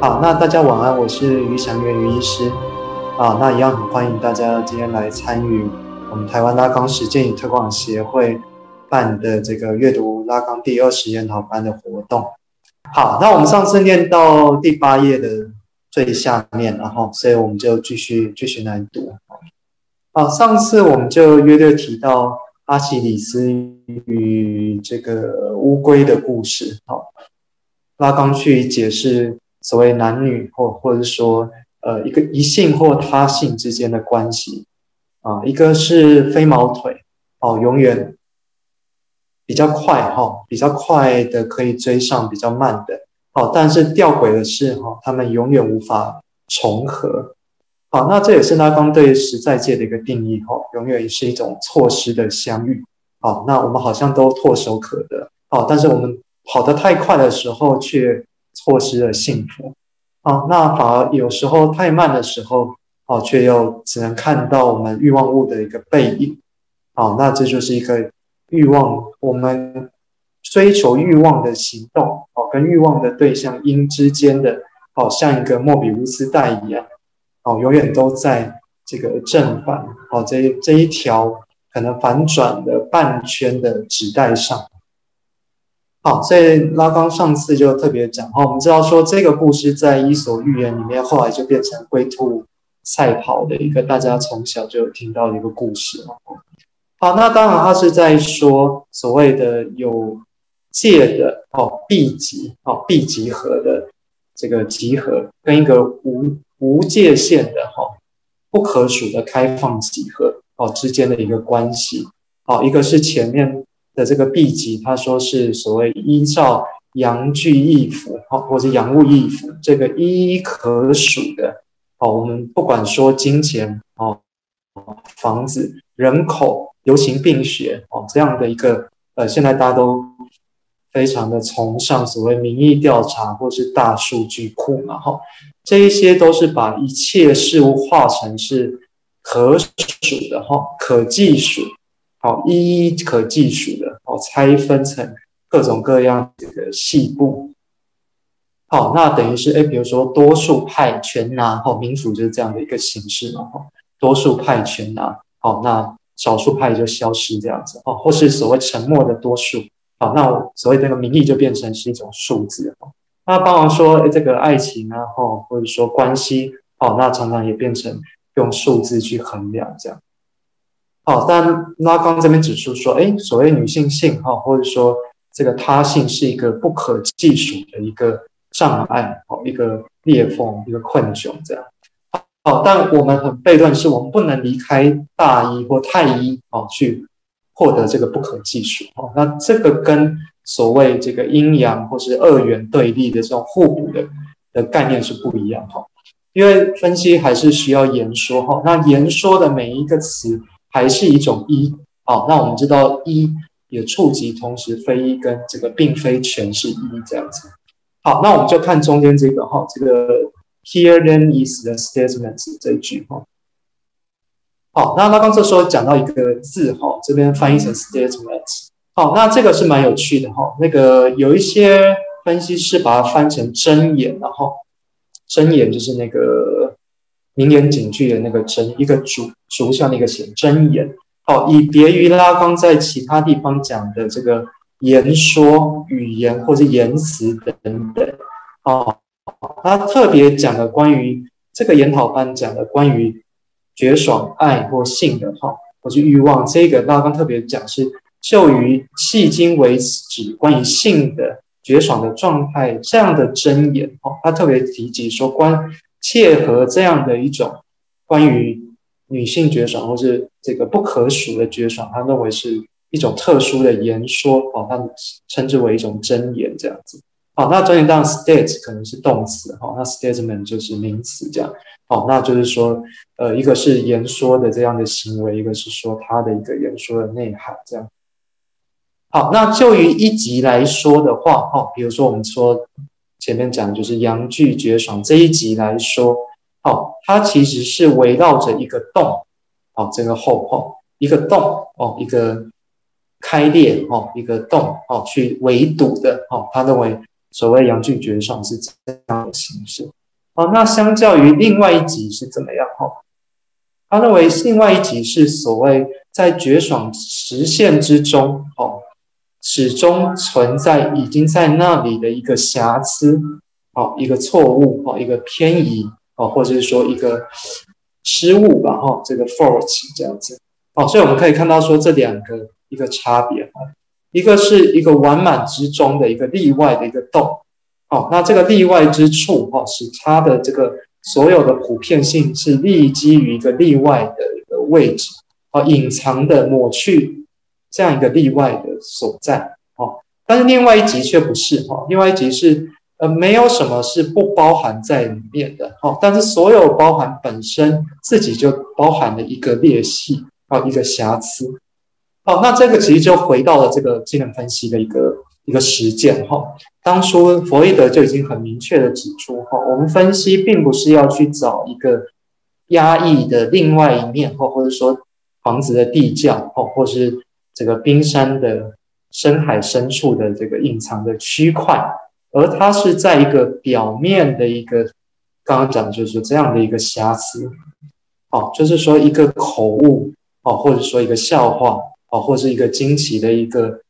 好，那大家晚安，我是俞翔元俞醫師，啊，那一樣很歡迎大家今天來參與我們台灣拉岡實踐與推廣協會辦的這個閱讀拉岡第二十研討班的活動。好，那我們上次念到第八頁的最下面，然後所以我們就繼續繼續來讀。好，啊，上次我們就約略提到阿基里斯與這個烏龜的故事，好，拉岡去解釋。所謂男女或或者是說，呃，一個異性或他性之間的關係啊，一個是飛毛腿哦，永遠比較快哈、哦，比較快的可以追上比較慢的，好、哦，但是吊詭的是哈、哦，他們永遠無法重合。好、哦，那這也是拉康對實在界的一個定義哈、哦，永遠是一種錯失的相遇。好、哦，那我們好像都唾手可得，好、哦，但是我們跑得太快的時候卻。錯失了幸福，啊，那反而有時候太慢的時候，啊，卻又只能看到我們欲望物的一個背影，啊，那這就是一個欲望，我們追求欲望的行動，啊，跟欲望的對象因之間的，啊，像一個莫比烏斯帶一樣，啊，永遠都在這個正反，啊，這這一條可能反轉的半圈的紙帶上。好，所以拉岡上次就特別講哈，我們知道說這個故事在《伊索寓言》裡面，後來就變成龜兔賽跑的一個大家從小就有聽到的一個故事了。好，那當然他是在說所謂的有界的哦，閉集哦，閉集合的這個集合跟一個無無界限的哈、哦，不可數的開放集合哦，之間的一個關係。好、哦，一個是前面的這個 B 級，他說是所謂依照陽具意符哈，或是陽物意符，這個一一可數的哦，我們不管說金錢哦、房子、人口、流行病學哦這樣的一個呃，現在大家都非常的崇尚所謂民意調查或是大數據庫嘛哈，這一些都是把一切事物化成是可數的哈，可計數。好，一一可計數的，好、哦，拆分成各種各樣的細部。好，那等於是，哎、欸，比如說多數派全拿，好、哦，民主就是這樣的一個形式嘛，哈、哦。多數派全拿，好，那少數派就消失這樣子，哦，或是所謂沉默的多數，好，那我所謂這個民意就變成是一種數字，哈、哦。那包含說，誒、欸、這個愛情啊，哈、哦，或者說關係，哦，那常常也變成用數字去衡量這樣。哦，但拉岡這邊指出說，哎、欸，所謂女性性哈，或者說這個他性是一個不可計數的一個障礙，哦，一個裂縫，一個困窘這樣。哦，但我們很悖論是，我們不能離開大一或太一哦，去獲得這個不可計數。哦，那這個跟所謂這個陰陽或是二元對立的這種互補的的概念是不一樣哈，因為分析還是需要言說哈，那言說的每一個詞。還是一種一、e，好，那我們知道一、e，也觸及，同時非一、e、跟這個並非全是一、e、這樣子。好，那我們就看中間這個哈，這個 here then is the statement 這一句話。好，那他剛才說講到一個字哈，這邊翻譯成 statement，好，那這個是蠻有趣的哈。那個有一些分析師把它翻成真言，然後真言就是那個。名言警句的那個真，一個主主項那個寫真言，好，以別於拉康在其他地方講的這個言說語言或者言辭等等，好，他特別講了關於這個研討班講的關於絕爽愛或性的哈，或是欲望，這個拉康特別講是就於迄今為止關於性的絕爽的狀態這樣的真言，哦，他特別提及說關。切合這樣的一種關於女性絕爽，或是這個不可數的絕爽，他認為是一種特殊的言說哦，他稱之為一種真言這樣子。好，那真言當然 state 可能是動詞哈、哦，那 statement 就是名詞這樣。好，那就是說，呃，一個是言說的這樣的行為，一個是說他的一個言說的內涵這樣。好，那就於一集來說的話哈、哦，比如說我們說。前面講的就是陽具絕爽這一集來說，哦，它其實是圍繞着一個洞，哦，這個後後，哦，一個洞，哦，一個開裂，哦，一個洞，哦，去圍堵的，哦，他認為所謂陽具絕爽是這樣的形式，哦，那相較於另外一集是怎麼樣，哦，他認為另外一集是所謂在絕爽實現之中，哦。始終存在，已經在那裡的一個瑕疵，好一個錯誤，好一個偏移，哦，或者是說一個失誤吧，哈，這個 force 這樣子，好，所以我們可以看到說，這兩個一個差別，一個是一個完滿之中的一個例外的一個洞，哦，那這個例外之處，哈，使它的這個所有的普遍性是立基於一個例外的一個位置，啊，隱藏的抹去。這樣一個例外的所在，哦，但是另外一集卻不是，哈、哦，另外一集是，呃，沒有什麼是不包含在裡面的，哦，但是所有包含本身自己就包含了一個裂隙，還、哦、有一個瑕疵，好、哦，那這個其實就回到了這個精神分析的一個一個實踐，哈、哦，當初弗洛伊德就已經很明確地指出，哈、哦，我們分析並不是要去找一個壓抑的另外一面，或、哦、或者說房子的地窖，哦，或是。這個冰山的深海深處的這個隱藏的區塊，而它是在一個表面的一個，剛剛講的就是這樣的一個瑕疵，哦，就是說一個口誤哦，或者說一個笑話哦，或是一個驚奇的一個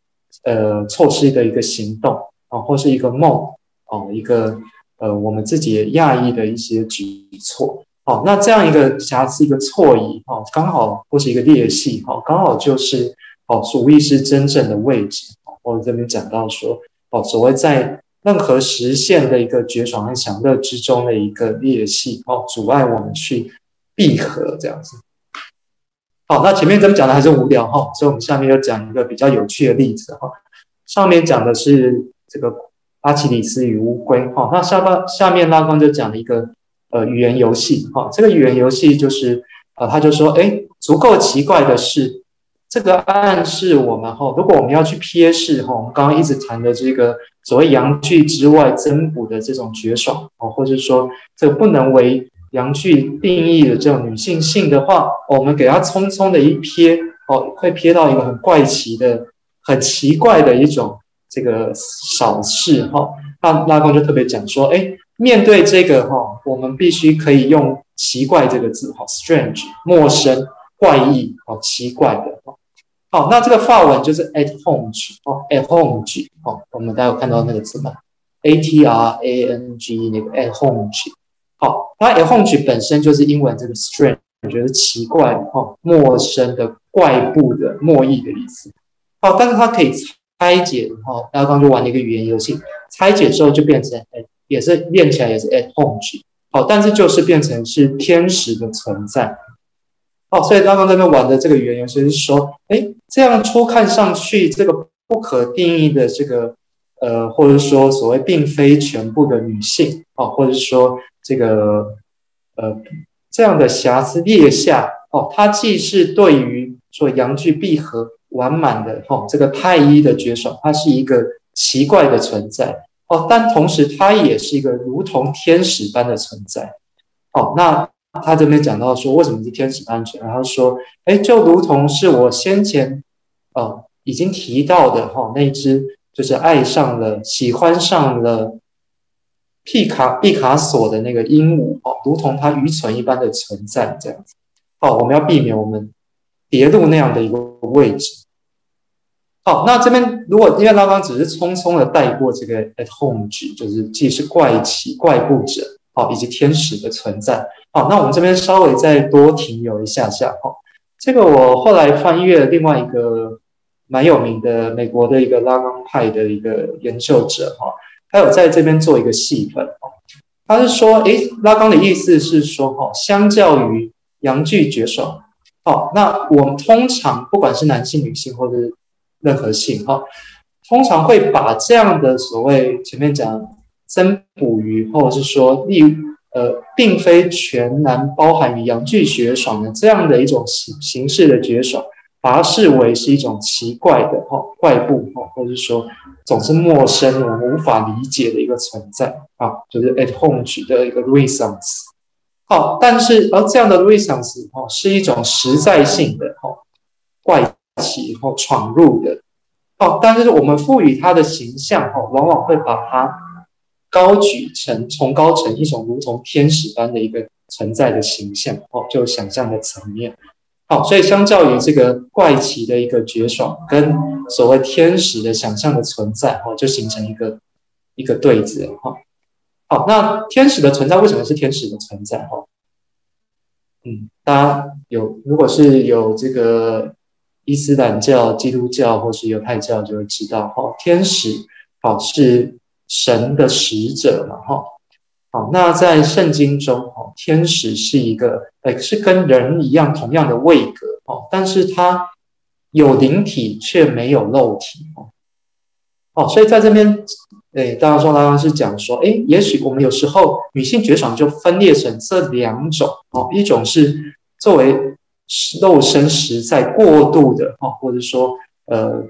呃錯失的一個行動啊、哦，或是一個夢哦，一個呃我們自己壓抑的一些舉措，哦，那這樣一個瑕疵一個錯移，哦，剛好或是一個裂隙哦，剛好就是。哦，無意識真正的位置，哦，這邊講到說，哦，所謂在任何實現的一個絕爽和享樂之中的一個裂隙，哦，阻礙我們去閉合這樣子。好、哦，那前面咱們講的還是無聊哈、哦，所以我們下面就講一個比較有趣的例子哈、哦。上面講的是這個阿基里斯與烏龜哈，那下邊下面拉岡就講了一個呃語言遊戲哈。這個語言遊戲就是啊，他、呃、就說，哎、欸，足夠奇怪的是。這個暗示我們哈，如果我們要去瞥視哈，我們剛剛一直談的這個所謂陽具之外增補的這種絕爽哦，或者是說這個不能為陽具定義的這種女性性的話，我們給它匆匆的一瞥哦，會瞥到一個很怪奇的、很奇怪的一種這個小事哈。那拉岡就特別講說，哎，面對這個哈，我們必須可以用奇怪這個字哈，strange，陌生、怪異哦，奇怪的。好，那這個法文就是 at home 哦，at home 哦，我們大家有看到那個字嗎？a t r a n g 那個 at home 好，那、e 哦、at home 本身就是英文這個 strange，我覺得奇怪哈、哦，陌生的、怪不的、陌異的意思。好、哦，但是它可以拆解後、哦、大家剛剛就玩了一個語言遊戲，拆解之後就變成 a 也是念起來也是 at home 好、哦，但是就是變成是天使的存在。哦，所以剛剛在那玩的這個語言遊戲就是說，哎、欸，這樣初看上去這個不可定義的這個，呃，或者說所謂並非全部的女性哦，或者說這個，呃，這樣的瑕疵裂下哦，它既是對於說陽具閉合完滿的哦，這個太一的絕爽，它是一個奇怪的存在哦，但同時它也是一個如同天使般的存在，哦，那。他這邊講到說，為什麼是天使安全？然後他說：“哎，就如同是我先前哦已經提到的哈、哦，那一只就是愛上了、喜歡上了畢卡畢卡索的那個鸚鵡哦，如同它愚蠢一般的存在這樣子。好、哦，我們要避免我們跌入那樣的一個位置。好、哦，那這邊如果因為剛剛只是匆匆的帶過這個 at home 局，就是既是怪奇怪佈者，好、哦，以及天使的存在。”好，那我們這邊稍微再多停留一下下哈，這個我後來翻閱了另外一個蠻有名的美國的一個拉岡派的一個研究者哈，他有在這邊做一個細分哦，他是說，誒，拉岡的意思是說哈，相較於陽具絕爽，好，那我們通常不管是男性、女性或者是任何性哈，通常會把這樣的所謂前面講增補於，或者是說利。呃，並非全然包含於陽具絕爽的這樣的一種形形式的絕爽，把它視為是一種奇怪的哈怪佈哈，或者說總是陌生，我無法理解的一個存在啊，就是 at home 的一個 reasons。哦，但是而、呃、這樣的 reasons 哦，是一種實在性的哈、哦、怪奇哈、哦、闖入的哦，但是我們賦予它的形象哈、哦，往往會把它。高舉成崇高成一種如同天使般的一個存在的形象，哦，就想象的層面。好，所以相較於這個怪奇的一個絕爽，跟所謂天使的想象的存在，哦，就形成一個一個對子，哈。好，那天使的存在為什麼是天使的存在？哈，嗯，大家有，如果是有這個伊斯蘭教、基督教或是猶太教就會知道，哈，天使，哦是。神的使者嘛，哈，好，那在聖經中，哦，天使是一個，是跟人一樣同樣的位格，哦，但是它有靈體卻沒有肉體，哦，哦，所以在這邊，哎，大家說剛剛是講說，哎，也許我們有時候女性絕爽就分裂成這兩種，哦，一種是作為肉身實在過度的，哦，或者說，呃。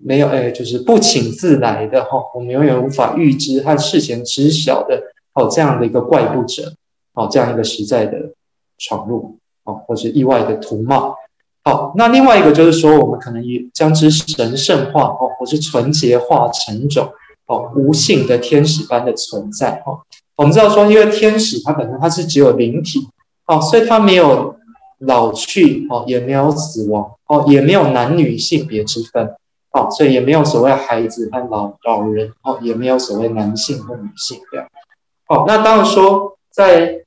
沒有，哎，就是不請自來的哈、哦，我們永遠無法預知和事先知曉的哦，這樣的一個怪物者，哦，這樣一個實在的闖入，哦，或是意外的圖冒。好、哦，那另外一個就是說，我們可能也將之神聖化，哦，或是純潔化成種，哦，無性的天使般的存在，哦，我們知道說，因為天使它本身它是只有靈體，哦，所以它沒有老去，哦，也沒有死亡，哦，也沒有男女性別之分。所以也沒有所謂孩子和老老人，哦，也沒有所謂男性和女性，對、啊。哦，那當然說在，在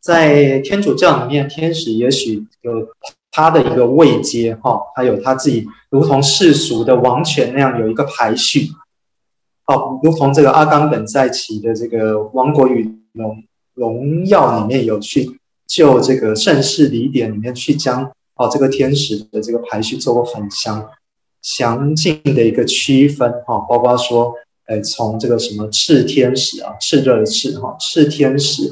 在天主教裡面，天使也許有他的一個位階，哈，還有他自己，如同世俗的王權那樣有一個排序，哦，如同這個阿甘本在其的這個《王國與榮榮耀》裡面有去就這個聖事禮典裡面去將。哦，這個天使的這個排序做過很詳詳盡的一個區分哈，包括說，誒、呃，從這個什麼熾天使啊，熾熱的熾哈，熾天使，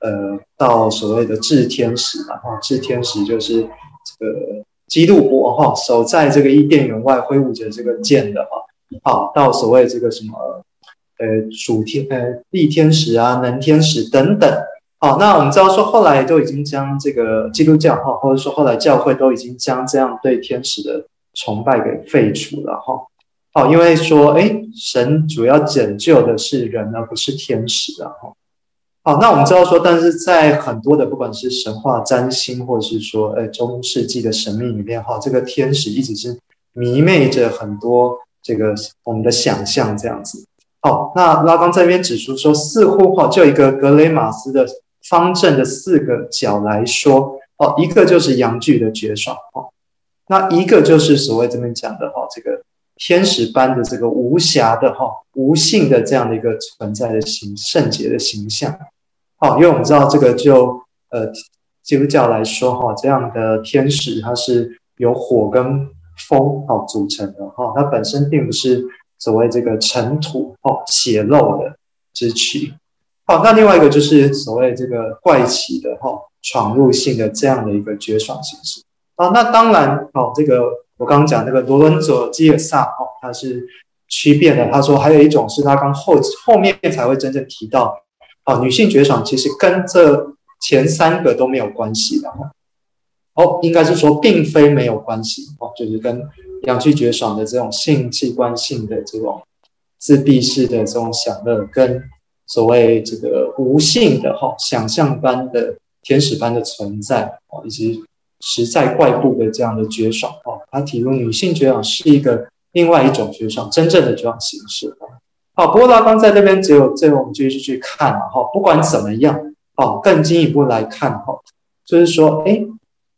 呃，到所謂的智天使啊，哈，智天使就是這個基路伯哈，守在這個伊甸園外揮舞着這個劍的哈，啊，到所謂這個什麼，呃，主天呃，力天使啊，能天使等等。好，那我們知道說，後來都已經將這個基督教哈，或者說後來教會都已經將這樣對天使的崇拜給廢除了哈。好，因為說哎，神主要拯救的是人，而不是天使啊。好，那我們知道說，但是在很多的不管是神話、占星，或者是說哎中世紀的神秘裡面哈，這個天使一直是迷魅着很多這個我們的想象這樣子。好，那拉剛在這邊指出說，似乎哈就一個格雷馬斯的。方陣的四個角來說，哦，一個就是陽具的絕爽哦，那一個就是所謂這邊講的哦，這個天使般的這個無瑕的哈、無性的這樣的一個存在的形聖潔的形象，好，因為我們知道這個就呃基督教來說哈，這樣的天使它是由火跟風哈組成的哈，它本身並不是所謂這個塵土哦、血肉的之軀。好，那另外一個就是所謂這個怪奇的哈、哦，闖入性的這樣的一個絕爽形式啊。那當然，哦，這個我剛剛講那個羅倫佐基爾薩，哦，他是區別的。他說還有一種是他剛後後面才會真正提到，哦，女性絕爽其實跟這前三個都沒有關係的。哦，應該是說並非沒有關係，哦，就是跟陽性絕爽的這種性器官性的這種自閉式的這種享樂跟。所謂這個無性的哈，想象般的天使般的存在哦，以及實在怪異的這樣的絕爽哦，他提供女性絕爽是一個另外一種絕爽，真正的絕爽形式。好，不過拉岡在那邊只有，最後我們繼續去看，然後不管怎麼樣，哦，更進一步來看哈，就是說，哎、欸，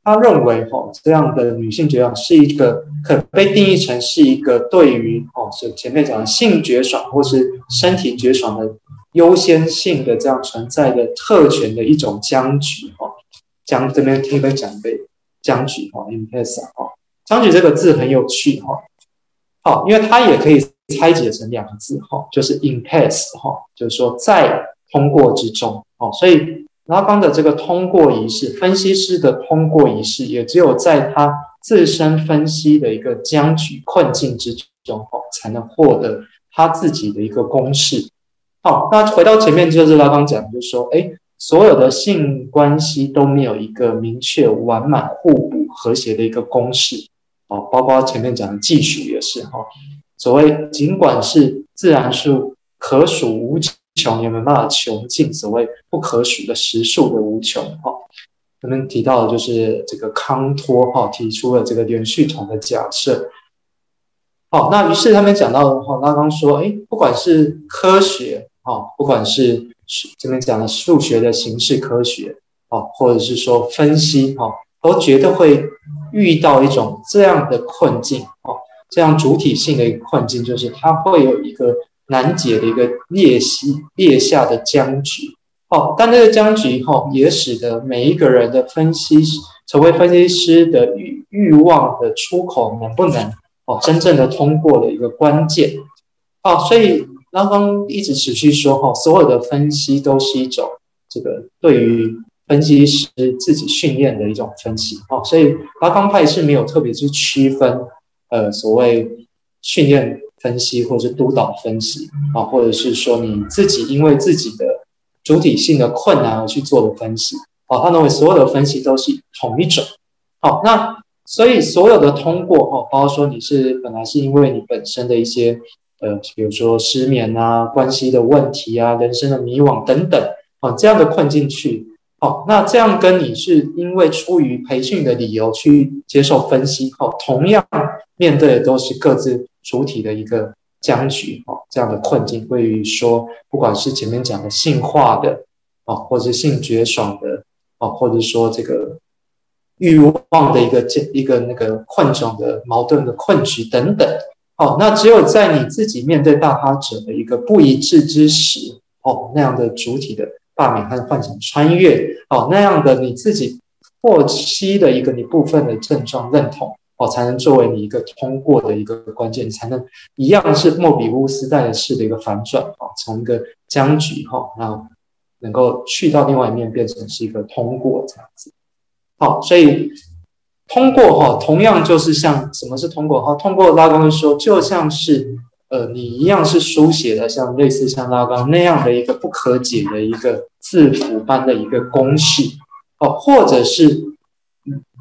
他認為哈這樣的女性絕爽是一個可被定義成是一個對於哦，所以前面講的性絕爽或是身體絕爽的。優先性的這樣存在的特權的一種僵局哈，將，這邊聽分講的僵局哈，impasse 哈，in、pass，僵局這個字很有趣哈，好，因為它也可以拆解成兩個字哈，就是 impasse 哈，pass，就是說在通過之中哦，所以拉岡的這個通過儀式，分析師的通過儀式，也只有在他自身分析的一個僵局困境之中哦，才能獲得他自己的一個公式。好、哦，那回到前面，就是拉岡講，就是說，哎，所有的性關係都沒有一個明確、完滿、互補、和諧的一個公式。哦，包括前面講的技術也是哦，所謂儘管是自然數可數無窮，也沒有辦法窮盡所謂不可數的實數的無窮。哈、哦，他們提到的就是這個康托哈、哦、提出了這個連續統的假設。好、哦，那於是他們講到的話，拉岡說，哎，不管是科學。哦，不管是是這邊講的數學的形式科學，哦，或者是說分析，哦，都絕對會遇到一種這樣的困境，哦，這樣主體性的一個困境，就是它會有一個難解的一個裂隙裂下的僵局，哦，但這個僵局，以後、哦，也使得每一個人的分析師成為分析師的欲欲望的出口能不能，哦，真正的通過的一個關鍵，哦，所以。拉岡一直持續說：“哈，所有的分析都是一種這個對於分析師自己訓練的一種分析。”哦，所以拉岡派是沒有特別去區分，呃，所謂訓練分析或者是督導分析啊，或者是說你自己因為自己的主體性的困難而去做的分析啊，他認為所有的分析都是同一種。好，那所以所有的通過，哈，包括說你是本來是因為你本身的一些。呃，比如說失眠啊、關係的問題啊、人生的迷惘等等啊、哦，這樣的困境去。哦，那這樣跟你是因為出於培訓的理由去接受分析後，哦，同樣面對的都是各自主體的一個僵局。哦，這樣的困境，對於說不管是前面講的性化的哦，或者是性絕爽的哦，或者說這個欲望的一個這一,一個那個困窘的矛盾的困局等等。好，那只有在你自己面對大他者的一個不一致之時，哦，那樣的主體的罷免，還和幻想穿越，哦，那樣的你自己獲悉的一個你部分的症狀認同，哦，才能作為你一個通過的一個關鍵，才能一樣是莫比烏斯帶的式的一個反轉，哦，從一個僵局，哈、哦，那能夠去到另外一面，變成是一個通過這樣子，好，所以。通過哈，同樣就是像什麼是通過哈？通過拉岡的時候，就像是呃，你一樣是書寫的，像類似像拉岡那樣的一個不可解的一個字符般的一個公式哦，或者是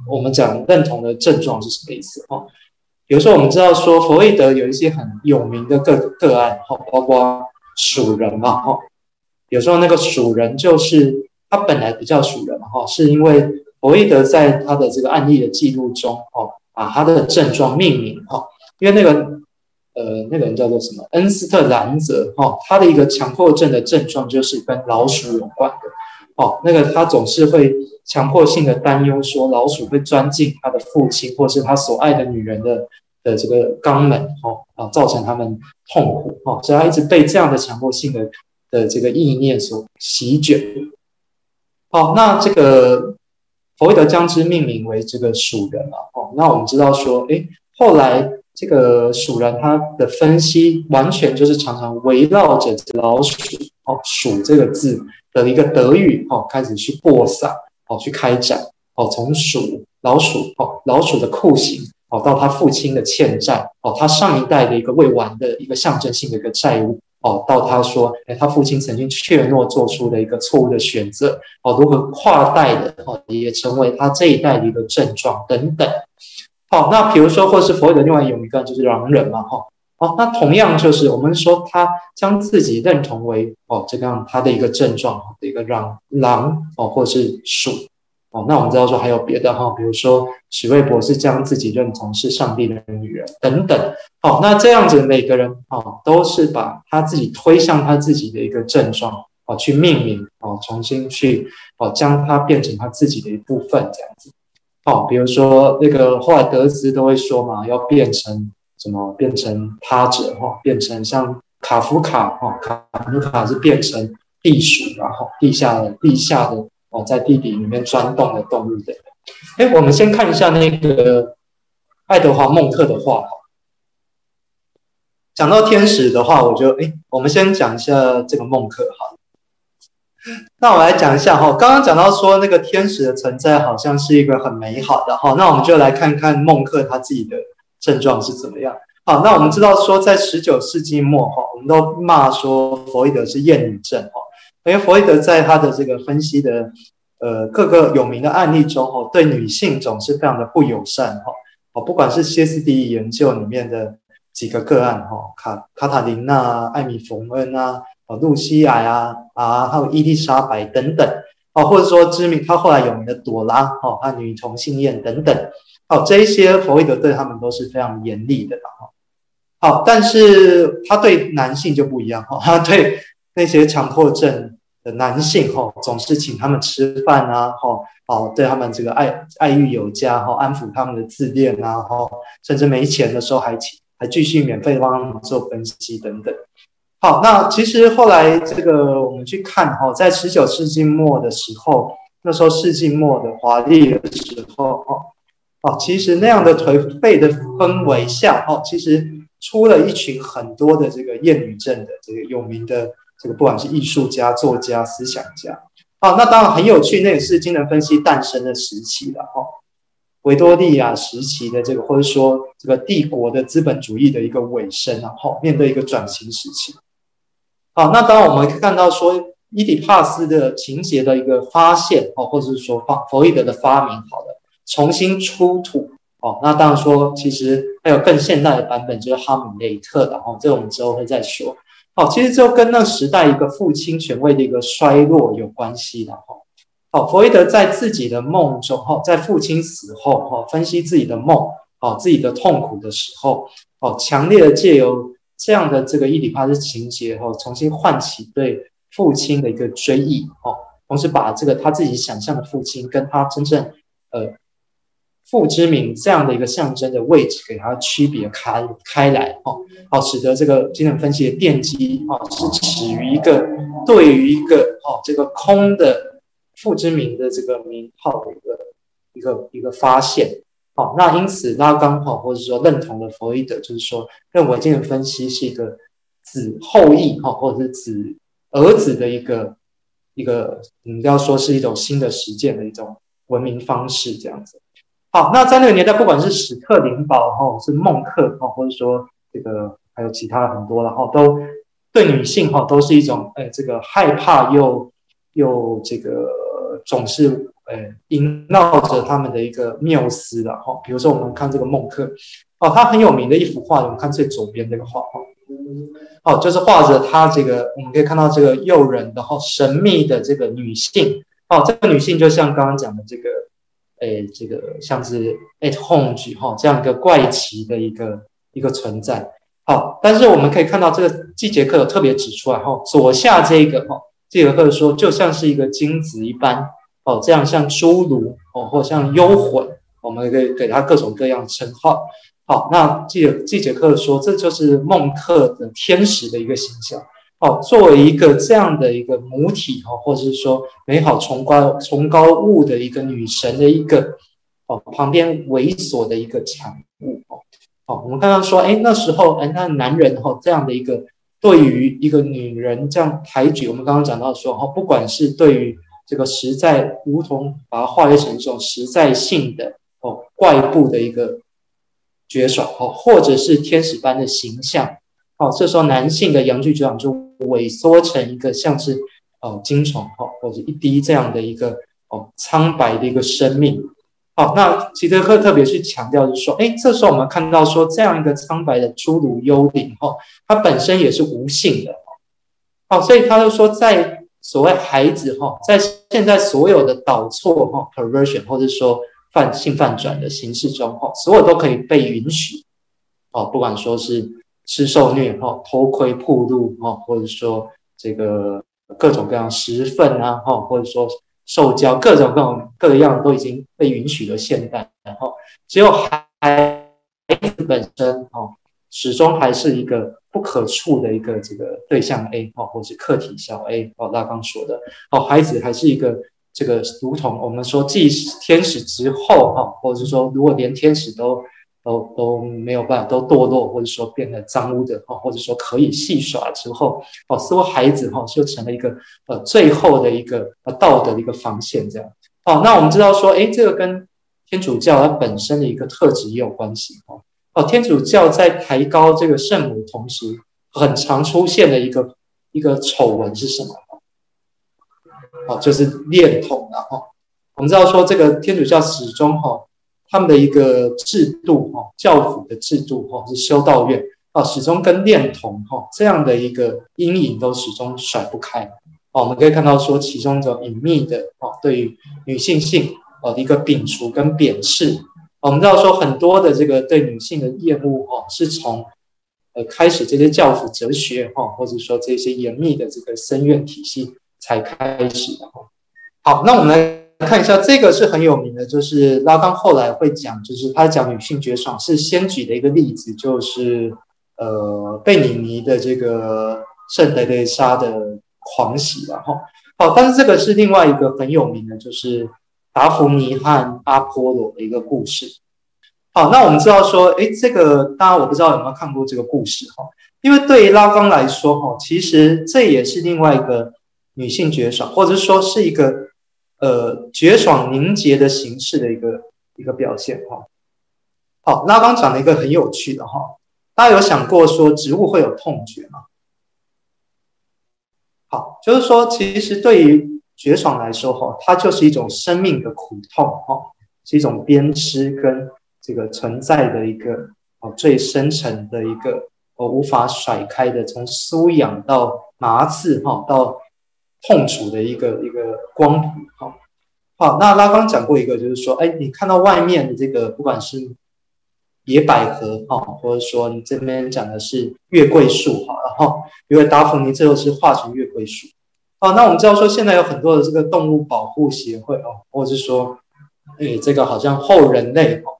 我們講認同的症狀是什麼意思哦，有時候我們知道說佛洛伊德有一些很有名的個個案哈，包括鼠人嘛哈。有時候那個鼠人就是他本來不叫鼠人哈，是因為佛洛伊德在他的這個案例的記錄中，哦，把他的症狀命名，哦，因為那個，呃，那個人叫做什麼？恩斯特蘭澤，哈、哦，他的一個強迫症的症狀就是跟老鼠有關的，哦，那個他總是會強迫性的擔憂說老鼠會鑽進他的父親或是他所愛的女人的的這個肛門，哦，啊，造成他們痛苦，哦，所以他一直被這樣的強迫性的的這個意念所席捲。好、哦，那這個。弗洛伊德將之命名為這個鼠人嘛？哦，那我們知道說，誒，後來這個鼠人他的分析完全就是常常圍繞着老鼠哦，“鼠”這個字的一個德語哦，開始去播散哦，去開展哦，從鼠老鼠哦，老鼠的酷刑哦，到他父親的欠債哦，他上一代的一個未完的一個象徵性的一個債務。哦，到他說誒，他父親曾經怯懦做出的一個錯誤的選擇，哦，如何跨代的，哦，也成為他這一代的一個症狀等等。好、哦，那比如說，或是佛洛伊德的另外有一個就是狼人嘛，哈、哦，哦，那同樣就是我們說他將自己認同為哦，這個他的一個症狀的一個讓狼，狼，哦，或是鼠。那我們知道說還有別的哈，比如說許衛博士將自己認同是上帝的女人等等。好，那這樣子每個人哈都是把他自己推向他自己的一個症狀哦，去命名哦，重新去哦，將它變成他自己的一部分這樣子。好，比如說那個後來德茲都會說嘛，要變成什麼？變成他者哈，變成像卡夫卡哈，卡夫卡是變成地鼠然後地下的地下的。哦，在地底裡面鑽洞的動物的，哎，我們先看一下那個愛德華·孟克的畫。講到天使的話，我就哎，我們先講一下這個孟克哈。那我來講一下哈，剛剛講到說那個天使的存在好像是一個很美好的哈，那我們就來看看孟克他自己的症狀是怎麼樣。好，那我們知道說在十九世紀末哈，我們都罵說弗洛伊德是厭女症哈。因為弗洛伊德在他的這個分析的呃各個有名的案例中，哦，對女性總是非常的不友善，哈，哦，不管是歇斯底里研究裡面的幾個個案，哈、哦，卡卡塔琳娜、艾米·馮恩啊，哦、露西亞啊啊，還有伊麗莎白等等，哦，或者說知名他後來有名的朵拉，哦，她女同性戀等等，哦，這一些弗洛伊德對他們都是非常嚴厲的，哈，好，但是他對男性就不一樣，哈、哦，他對那些強迫症。男性哈，總是請他們吃飯啊，哈哦，對他們這個愛愛慾有加哈，安撫他們的自戀啊，哈，甚至沒錢的時候還請，還繼續免費幫他們做分析等等。好，那其實後來這個我們去看哈，在十九世紀末的時候，那時候世紀末的華麗的時候哦哦，其實那樣的頹廢的氛圍下哦，其實出了一群很多的這個厭女症的這個有名的。這個不管是藝術家、作家、思想家，好、啊，那當然很有趣。那也是精神分析誕生的時期了哈、哦，維多利亞時期的這個，或者說這個帝國的資本主義的一個尾聲，然、哦、後面對一個轉型時期。好、啊，那當然我們可以看到說伊底帕斯的情節的一個發現哦，或者是說弗弗洛伊德的發明，好的，重新出土哦，那當然說其實還有更現代的版本，就是哈姆雷特的，然、哦、後這個我們之後會再說。好，其實就跟那時代一個父親權威的一個衰落有關係的哈。哦，弗洛伊德在自己的夢中哈，在父親死後哈、哦，分析自己的夢，哦，自己的痛苦的時候，哦，強烈的借由這樣的這個伊底帕斯的情結哈、哦，重新喚起對父親的一個追憶哈、哦，同時把這個他自己想象的父親跟他真正呃。父之名這樣的一個象徵的位置，給它區別開開來，哦，好，使得這個精神分析的奠基，哦，是始於一個對於一個，哦，這個空的父之名的這個名號的一個一個一個發現，哦，那因此拉岡哈，或者說認同了弗洛伊德，就是說認為精神分析是一個子後裔，哈、哦，或者是子兒子的一個一個，嗯，要說是一種新的實踐的一種文明方式，這樣子。好，那在那個年代，不管是史特林堡哈、哦，是孟克哈、哦，或者說這個還有其他很多的哈、哦，都對女性哈、哦，都是一種誒、呃，這個害怕又又這個總是誒縈繞着他們的一個繆斯的哈、哦。比如說我們看這個孟克，哦，他很有名的一幅畫，我們看最左邊這個畫畫，好、哦，就是畫着他這個，我們可以看到這個誘人然後、哦、神秘的這個女性，哦，這個女性就像剛剛講的這個。誒，這個像是 at home 哈，這樣一個怪奇的一個一個存在，好，但是我們可以看到這個這節課有特別指出來哈，左下這個哈，哦，這節課說，就像是一個精子一般哦，這樣像侏儒哦，或像幽魂，我們可以給它各種各樣的稱號。好，那這這節課說，這就是孟克的天使的一個形象。哦，作為一個這樣的一個母體哈，或者是說美好崇高崇高物的一個女神的一個哦，旁邊猥瑣的一個產物哦，哦，我們剛剛說，哎，那時候哎，那男人哈這樣的一個對於一個女人這樣抬舉，我們剛剛講到說，哦，不管是對於這個實在，如同把它化為成一種實在性的哦怪物的一個絕爽哦，或者是天使般的形象哦，這時候男性的陽具絕爽就，萎縮成一個像是哦精蟲哈，或者一滴這樣的一個哦蒼白的一個生命，好，那齊德克特別去強調就是說，哎、欸，這時候我們看到說這樣一個蒼白的侏儒幽靈哈，它本身也是無性的哈，好，所以他就說在所謂孩子哈，在現在所有的倒錯哈 perversion 或者說犯性犯轉的形式中哈，所有都可以被允許哦，不管說是。吃受虐哈，偷窺、暴露哈，或者說這個各種各樣食糞啊哈，或者說受教各種各樣各樣都已經被允許了現代，然後只有孩子本身哈，始終還是一個不可觸的一個這個對象 A 哈，或是客體小 A 哦，拉岡說的哦，孩子還是一個這個如同我們說繼天使之後哈，或者說如果連天使都都都沒有辦法，都墮落，或者說變得髒污的、哦、或者說可以戲耍之後，哦，似乎孩子哈、哦、就成了一個呃最後的一個呃道德的一個防線這樣。哦，那我們知道說，哎，這個跟天主教它本身的一個特質也有關係哈。哦，天主教在抬高這個聖母同時，很常出現的一個一個醜聞是什麼？哦，就是戀童的、啊、哈、哦。我們知道說，這個天主教始終哈。哦他們的一個制度哈，教父的制度哈，是修道院啊，始終跟戀童哈這樣的一個陰影都始終甩不開。我們可以看到說，其中一種隱祕的哦，對於女性性哦一個摒除跟貶斥。我們知道說，很多的這個對女性的厭惡哦，是從呃開始這些教父哲學哈，或者說這些嚴密的這個僧院體系才開始的哈。好，那我們來。看一下這個是很有名的，就是拉岡後來會講，就是他講女性絕爽是先舉的一個例子，就是呃貝尼尼的這個聖德雷莎的狂喜吧，然後好，但是這個是另外一個很有名的，就是達芙妮和阿波羅的一個故事。好，那我們知道說，哎，這個大家我不知道有沒有看過這個故事哈，因為對於拉岡來說哈，其實這也是另外一個女性絕爽，或者說是一個。呃，絕爽凝結的形式的一個一個表現哈。好、哦、拉、哦、剛，剛講了一個很有趣的哈、哦，大家有想過說植物會有痛覺嗎？好，就是說其實對於絕爽來說哈、哦，它就是一種生命的苦痛哈、哦，是一種鞭笞，跟這個存在的一個哦最深層的一個我、哦、無法甩開的，從瘙癢到麻刺哈、哦、到。痛楚的一個一個光譜。好好，那拉岡講過一個，就是說，哎，你看到外面的這個，不管是野百合哈、哦，或者說你這邊講的是月桂樹哈，然後因為達芙妮最後是化成月桂樹，好、哦，那我們知道說現在有很多的這個動物保護協會哦，或者是說，哎，這個好像後人類哦，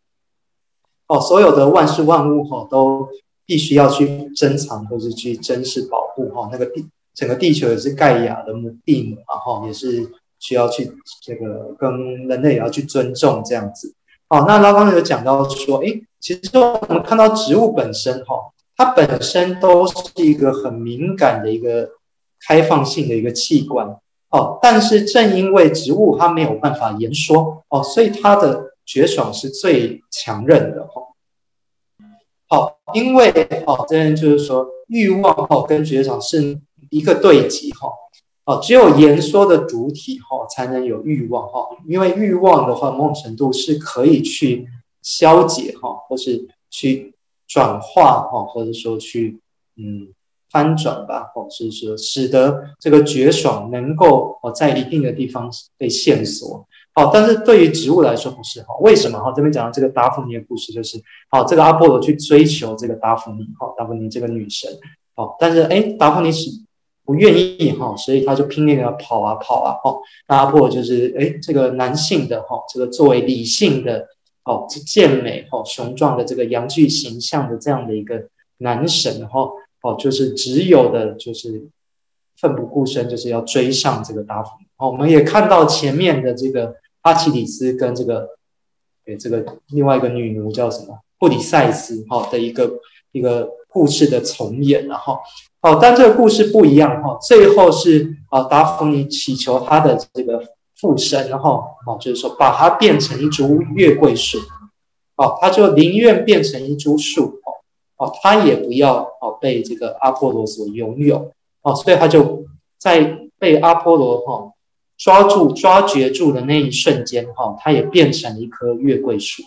哦，所有的萬事萬物哈、哦，都必須要去珍藏或者是去珍視保護哈、哦，那個。整個地球也是蓋亞的地母地、啊、嘛，然後也是需要去這個跟人類也要去尊重這樣子。好、哦，那剛才有講到說，誒，其實我們看到植物本身、哦，哈，它本身都是一個很敏感的一個開放性的一個器官，哦，但是正因為植物它沒有辦法言說，哦，所以它的絕爽是最強韌的，哦。好，因為，哦，這樣就是說欲望，哦，跟絕爽是。一個對極哈，哦，只有言說的主體哈，才能有欲望哈，因為欲望的話，某種程度是可以去消解哈，或是去轉化哈，或者說去嗯，翻轉吧，或者是說使得這個絕爽能夠哦，在一定的地方被線索好，但是對於植物來說不是哈，為什麼哈？這邊講到這個達芙妮的故事就是，好，這個阿波羅去追求這個達芙妮哈，達芙妮這個女神哦，但是哎，達芙妮是。不願意哈，所以他就拼命的跑啊跑啊哦，打破就是誒、欸，這個男性的哈，這個作為理性的哦，健美哦，雄壯的這個陽具形象的這樣的一個男神哈，哦，就是只有的就是奮不顧身，就是要追上這個達芙妮。哦，我們也看到前面的這個阿奇裡斯跟這個，哎，這個另外一個女奴叫什麼布裡塞斯哈的一個一個,一個故事的重演，然後。哦，但這個故事不一樣哈，最後是啊，達芙妮祈求他的這個父神，然後啊，就是說把它變成一株月桂樹，哦，他就寧願變成一株樹，哦，哦，他也不要哦被這個阿波羅所擁有，哦，所以他就在被阿波羅哈抓住、抓攫住的那一瞬間哈，他也變成一棵月桂樹。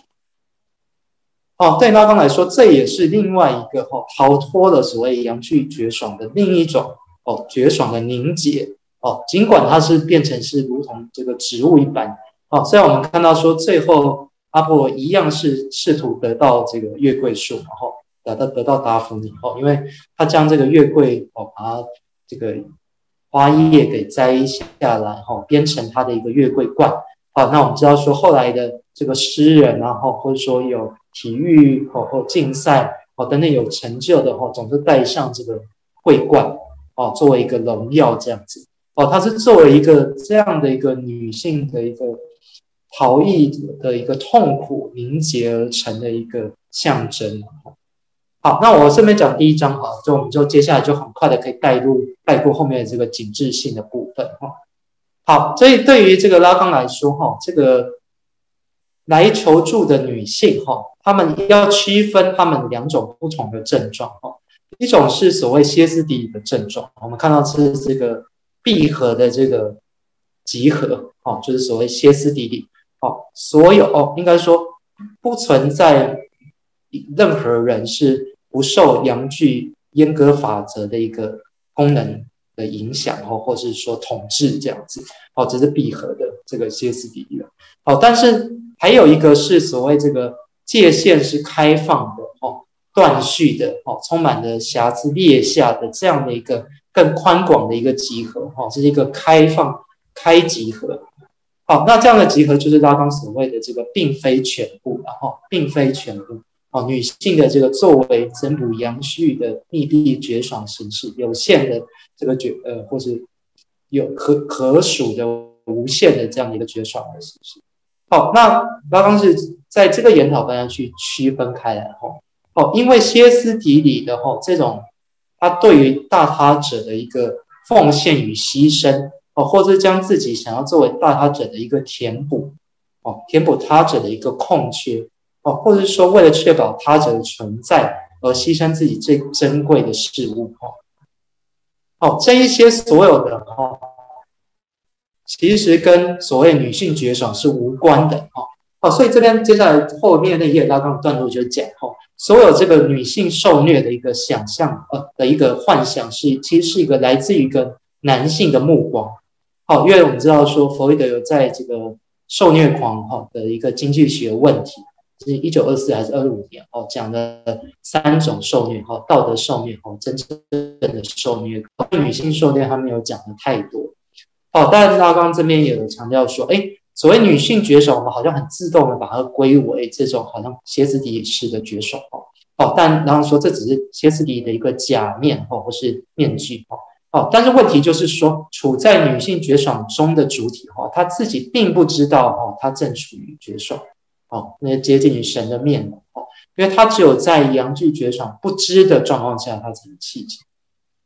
哦，對拉康來說，這也是另外一個吼、哦、逃脫了所謂陽具絕爽的另一種哦絕爽的凝結哦。儘管它是變成是如同這個植物一般哦。雖然我們看到說最後阿波羅一樣是試圖得到這個月桂樹後、哦、得到得到達芙妮哦，因為他將這個月桂哦把它這個花葉給摘一下來哈、哦，編成他的一個月桂冠。好、哦，那我們知道說後來的這個詩人然、啊、後、哦、或者說有。體育哦哦競賽哦等等有成就的話，哦，總是帶上這個桂冠哦，作為一個榮耀這樣子哦，她是作為一個這樣的一個女性的一個逃逸的一個痛苦凝結而成的一個象徵。哦，好，那我這面講第一章啊，哦，就我們就接下來就很快的可以帶入帶過後面的這個緊致性的部分哈，哦。好，所以對於這個拉康來說哈，哦，這個。來求助的女性，哈，她們要區分她們兩種不同的症狀，哈，一種是所謂歇斯底里的症狀，我們看到這是這個閉合的這個集合，哈，就是所謂歇斯底里，哦，所有哦，應該說不存在任何人是不受陽具閹割法則的一個功能的影響，哈，或是說統治這樣子，哦，這是閉合的這個歇斯底里的，哦，但是。還有一個是所謂這個界限是開放的哦，斷續的哦，充滿了瑕疵裂隙的這樣的一個更寬廣的一個集合這、哦、是一個開放開集合，好、哦，那這樣的集合就是拉康所謂的這個並非全部然後並非全部哦，女性的這個作為增補陽虛的密閉絕爽形式，有限的這個絕呃，或是有可可數的無限的這樣的一個絕爽的形式。好、哦，那剛剛是在這個研討班上去區分開來後，好、哦，因為歇斯底里的哈、哦、這種，他對於大他者的一個奉獻與犧牲，哦，或者將自己想要作為大他者的一個填補，哦，填補他者的一個空缺，哦，或者說為了確保他者的存在而犧牲自己最珍貴的事物，哦，哦，這一些所有的哦。其實跟所謂女性絕爽是無關的啊、哦！好、哦，所以這邊接下來後面那一頁拉岡段落就講哈、哦，所有這個女性受虐的一個想象呃的一個幻想是其實是一個來自於一個男性的目光。好、哦，因為我們知道說弗洛伊德有在這個受虐狂哈的一個經濟學問題，就是一九二四還是二五年哦講的三種受虐哈，道德受虐哈，真正的受虐、女性受虐他沒有講的太多。哦，大家知道，剛剛這邊也有強調說，哎，所謂女性絕爽，我們好像很自動的把它歸為這種好像歇斯底里式的絕爽哦。哦，但然後說這只是歇斯底里的一個假面哦，或是面具哦。哦，但是問題就是說，處在女性絕爽中的主體哈、哦，她自己並不知道哦，她正處於絕爽哦，那接近於神的面的哦，因為她只有在陽具絕爽不知的狀況下，她才能氣結。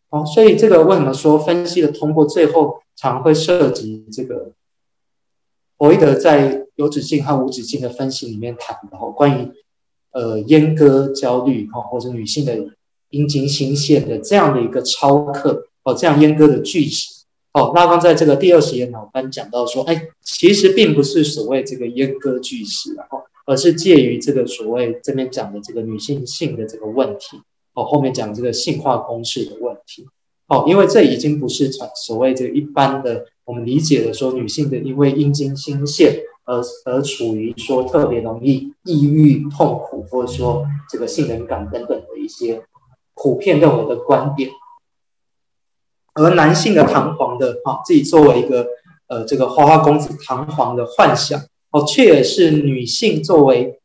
哦，所以這個為什麼說分析的通過最後，常會涉及這個，佛洛伊德在有止境和無止境的分析裡面談的、哦、關於呃閹割焦慮哈、哦，或者女性的陰莖欣羨的這樣的一個超課，哦，這樣閹割的句子，哦，那拉岡在這個第二十頁呢，我剛講到說，哎，其實並不是所謂這個閹割句式、哦、而是介於這個所謂這邊講的這個女性性的這個問題哦，後面講這個性化公式的問題。哦，因為這已經不是所謂這一般的我們理解的說女性的，因為陰莖欣羨而而處於說特別容易抑鬱、痛苦，或者說這個性冷感等等的一些普遍認為的觀點。而男性的唐璜的哈、哦，自己作為一個呃這個花花公子唐璜的幻想，哦，卻也是女性作為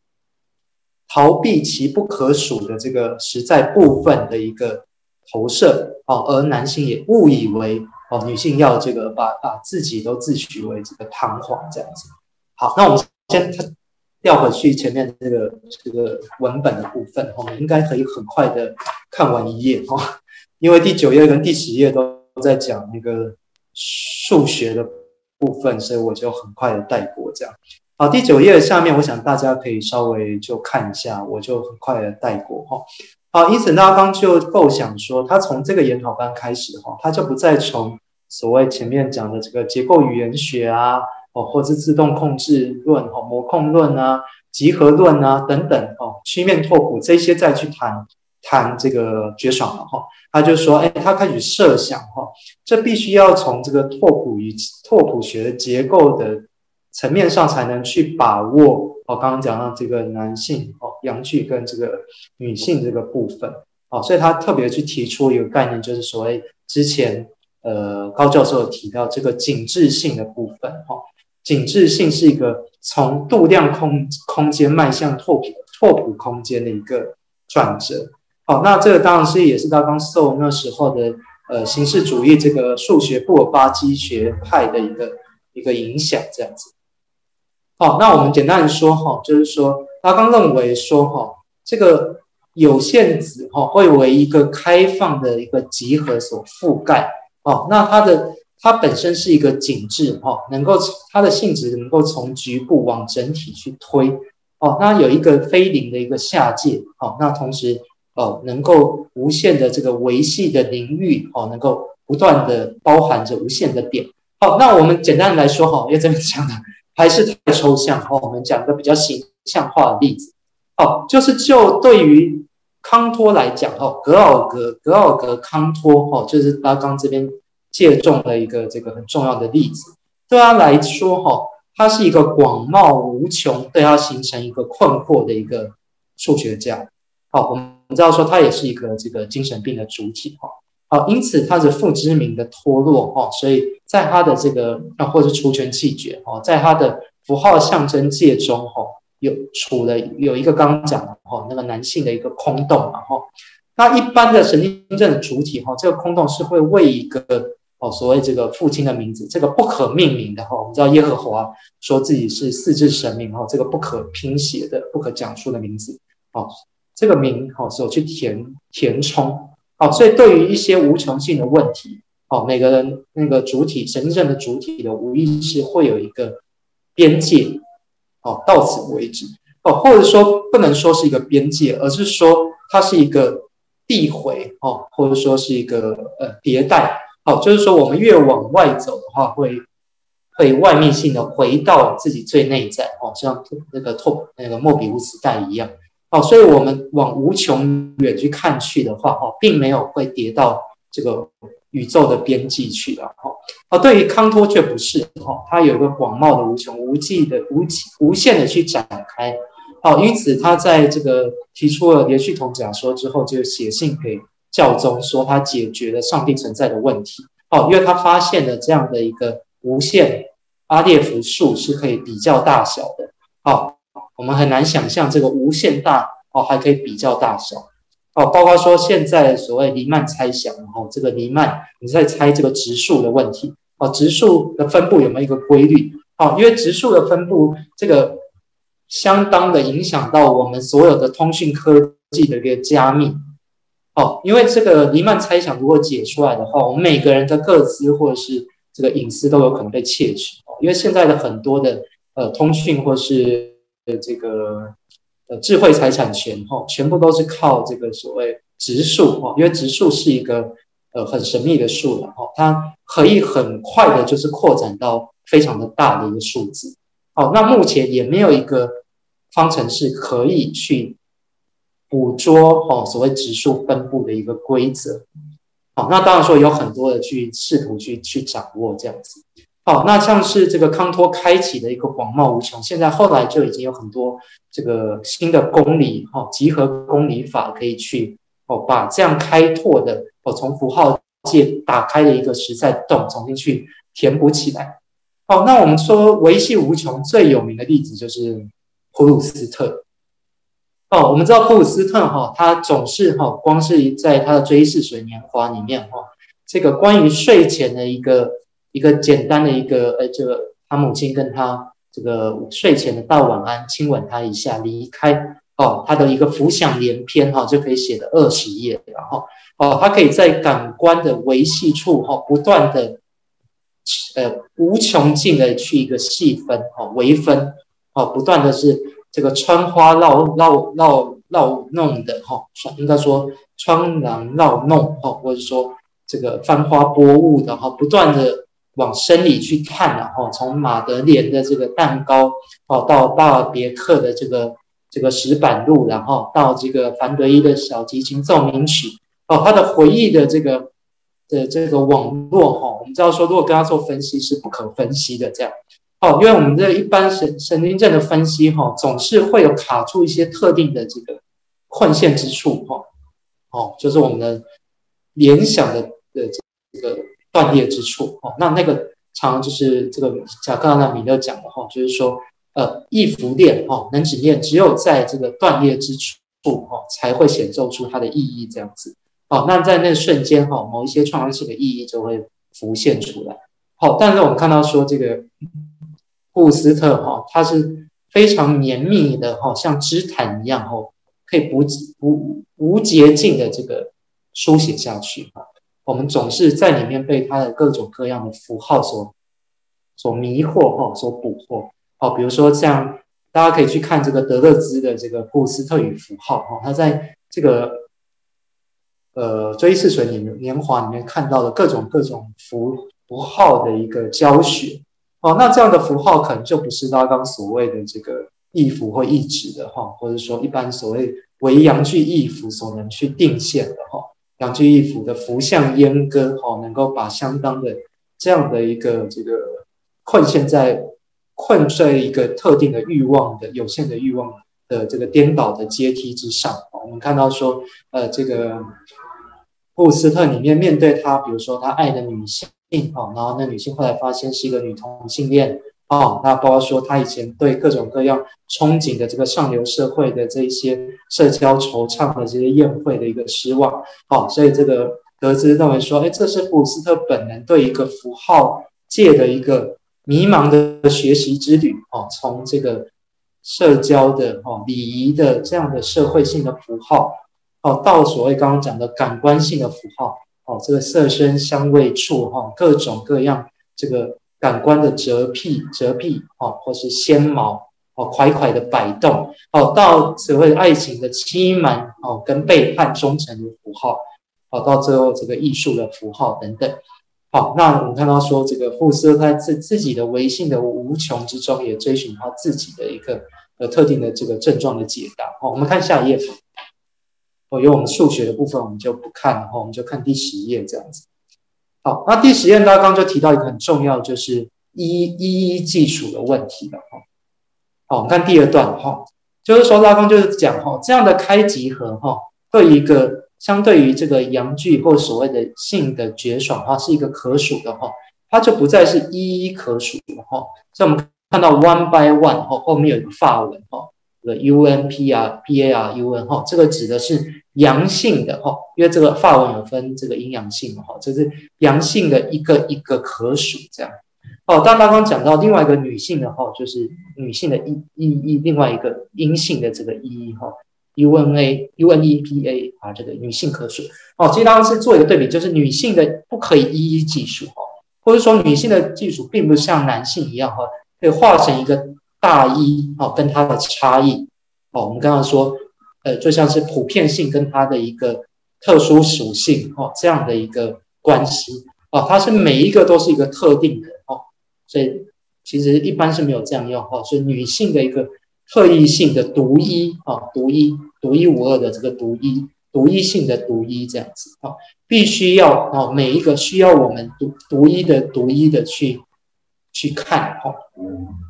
逃避其不可數的這個實在部分的一個投射。而男性也誤以為哦，女性要這個把把自己都自詡為這個堂皇這樣子。好，那我們先它調回去前面這個這個文本的部分，我們應該可以很快的看完一頁哦。因為第九頁跟第十頁都在講那個數學的部分，所以我就很快的帶過這樣。好，第九頁下面，我想大家可以稍微就看一下，我就很快的帶過哈。好、哦，因此拉岡就構想說，他從這個研討班開始哈、哦，他就不再從所謂前面講的這個結構語言學啊，哦，或是自動控制論、哈、哦、模控論啊、集合論啊等等哦，曲面拓撲這些再去談談這個絕爽了哈、哦。他就說，哎，他開始設想哈，這、哦、必須要從這個拓撲與拓撲學的結構的層面上才能去把握。我、哦、剛剛講到這個男性哦，陽具跟這個女性這個部分哦，所以他特別去提出一個概念，就是所謂之前呃高教授提到這個緊緻性的部分哦，緊緻性是一個從度量空空間邁向拓拓撲空間的一個轉折。好、哦，那這個當然是也是剛剛受那時候的呃形式主義這個數學布爾巴基學派的一個一個影響這樣子。好，那我們簡單的說哈，就是說，拉岡認為說哈，這個有限子哈會為一個開放的一個集合所覆蓋哦。那它的、它本身是一個緊致哈，能夠它的性質能夠從局部往整體去推哦。那有一個非零的一個下界哦，那同時哦能夠無限的這個維繫的領域哦，能夠不斷的包含着無限的點。好，那我們簡單的來說哈，要怎麼講呢？還是太抽象哦，我們講一個比較形象化的例子哦，就是就對於康托來講哦，格奧格格奧格康托哈、哦，就是拉康這邊借重的一個這個很重要的例子。對他來說哈、哦，他是一個廣袤無窮，對他形成一個困惑的一個數學家。好、哦，我們知道說他也是一個這個精神病的主體哈。好，因此它是父之名的脫落哈，所以在他的這個，啊，或者是除權棄絕哦，在他的符號象徵界中哈，有處了有一個剛剛講的哈，那個男性的一個空洞，然後那一般的神經症的主體哈，這個空洞是會為一個哦，所謂這個父親的名字，這個不可命名的哈，我們知道耶和華說自己是四字神名哈，這個不可拼寫的、不可講述的名字，啊，這個名哈，所去填填充。好，所以對於一些無窮性的問題，哦，每個人那個主體、神聖的主體的無意識會有一個邊界，哦，到此為止，哦，或者說不能說是一個邊界，而是說它是一個遞回，哦，或者說是一個呃迭代，好、哦，就是說我們越往外走的話，會會外面性的回到自己最內在，哦，像那個拓、那個莫比烏斯帶一樣。好、哦，所以我們往無窮遠去看去的話，哈、哦，並沒有會跌到這個宇宙的邊際去的，哈、哦。哦，對於康托卻不是，哈、哦，他有一個廣袤的無窮無際的無無限的去展開，好、哦，因此他在這個提出了連續統假說之後，就寫信給教宗說他解決了上帝存在的問題，哦，因為他發現了這樣的一個無限阿列夫數是可以比較大小的，好、哦。我們很難想象這個無限大哦，還可以比較大小哦，包括說現在所謂黎曼猜想哦，這個黎曼你在猜這個質數的問題哦，質數的分布有沒有一個規律哦？因為質數的分布這個相當的影響到我們所有的通訊科技的一個加密哦，因為這個黎曼猜想如果解出來的話，我們每個人的個資，或者是這個隱私都有可能被竊取哦，因為現在的很多的呃通訊或是。這個呃智慧財產權哈，全部都是靠這個所謂指數哦，因為指數是一個呃很神秘的數然後它可以很快的就是擴展到非常的大的一個數字哦。那目前也沒有一個方程式可以去捕捉哦所謂指數分布的一個規則。好、哦，那當然說有很多的去試圖去去掌握這樣子。好、哦，那像是這個康托開啟的一個廣袤無窮，現在後來就已經有很多這個新的公理，哈、哦，集合公理法可以去，哦，把這樣開拓的，哦，從符號界打開的一個實在洞，重新去填補起來。好、哦，那我們說維繫無窮最有名的例子就是普魯斯特。哦，我們知道普魯斯特，哈、哦，他總是哈、哦，光是在他的《追憶似水年華》裡面，哈、哦，這個關於睡前的一個。一個簡單的一個，呃，這個他母親跟他這個睡前的道晚安，親吻他一下，離開哦，他的一個浮想聯翩哈，就可以寫的二十頁。然、哦、後哦，他可以在感官的維繫處哈、哦，不斷的，呃，無窮盡的去一個細分哈、哦，微分哦，不斷的是這個穿花繞繞繞繞，繞弄的哈、哦，應該說穿囊繞弄哈、哦，或者說這個翻花撥霧的哈、哦，不斷的。往深裡去看，然後從馬德蓮的這個蛋糕哦，到巴爾別克的這個這個石板路，然後到這個凡德伊的小提琴奏鳴曲哦，他的回憶的這個的這個網絡哈、哦，我們知道說，如果跟他做分析是不可分析的這樣哦，因為我們這一般神神經症的分析哈、哦，總是會有卡住一些特定的這個困陷之處哈、哦，哦，就是我們的聯想的的這個。斷裂之處哦，那那個常常就是這個，剛剛那米勒講的話，就是說，呃，意符鏈哦，能指鏈只有在這個斷裂之處哦，才會顯現出它的意義這樣子哦。那在那瞬間哦，某一些創傷性的意義就會浮現出來。好，但是我們看到說這個布斯特哈，他是非常綿密的哈，像織毯一樣哈，可以不不無捷徑的這個書寫下去我們總是在裡面被它的各種各樣的符號所所迷惑或所捕獲，哦，比如說像大家可以去看這個德勒茲的這個普魯斯特與符號，哈、哦，他在這個呃追憶似水年年華裡面看到的各種各種符符號的一個教學，哦，那這樣的符號可能就不是拉岡所謂的這個意符或意指的，話，或者說一般所謂為陽具意符所能去定限的，哈、哦。兩具一腐的浮像閹割，哈，能夠把相當的這樣的一個這個困陷在困在一個特定的欲望的有限的欲望的這個顛倒的階梯之上、哦。我們看到說，呃，這個布斯特裡面面對他，比如說他愛的女性，哈、哦，然後那女性後來發現是一個女同性戀。哦，那包括說他以前對各種各樣憧憬的這個上流社會的這一些社交、惆悵和這些宴會的一個失望，哦，所以這個德茲認為說，哎，這是普魯斯特本人對一個符號界的一個迷茫的學習之旅，哦，從這個社交的、哦，禮儀的這樣的社會性的符號，哦，到所謂剛剛講的感官性的符號，哦，這個色、聲香味處、觸，哈，各種各樣這個。感官的折臂、折臂哦，或是纖毛哦，款款的擺動哦，到所謂愛情的欺瞞哦，跟背叛忠誠的符號哦，到最後這個藝術的符號等等。好、哦，那我們看到說這個富斯他在，在自己的微信的無窮之中，也追尋他自己的一個呃特定的這個症狀的解答。好、哦，我們看下一頁。哦，有我們數學的部分我們就不看了，哦，我們就看第十頁這樣子。好，那第十頁呢？拉岡就提到一個很重要，就是一一一計數的問題了哈。好，我們看第二段哈，就是說拉岡就是講哈，這樣的開集合哈，對於一個相對於這個陽具或所謂的性的絕爽，它是一個可數的哈，它就不再是一一可數的哈。所以我們看到 one by one 哈，後面有一個法文哈，這個 UN PR,、A R、U N P R P A R U N 哈，這個指的是。陽性的哈，因為這個法文有分這個陰陽性哈，就是陽性的一個一個可數這樣。哦，當剛剛講到另外一個女性的哈，就是女性的一一一另外一個陰性的這、e, 個一一哈，UNA UNEPA 啊，這個女性可數。哦，其實大家是做一個對比，就是女性的不可以一一計數哈，或者說女性的計數並不像男性一樣哈，可以化成一個大一哈，跟它的差異。哦，我們剛剛說。呃，就像是普遍性跟它的一個特殊屬性哦，這樣的一個關係哦，它是每一個都是一個特定的哦，所以其實一般是沒有這樣用哈、哦，所以女性的一個特異性的獨一啊、哦，獨一獨一無二的這個獨一獨一性的獨一這樣子啊、哦，必須要啊、哦，每一個需要我們獨獨一的獨一的去去看啊。哦。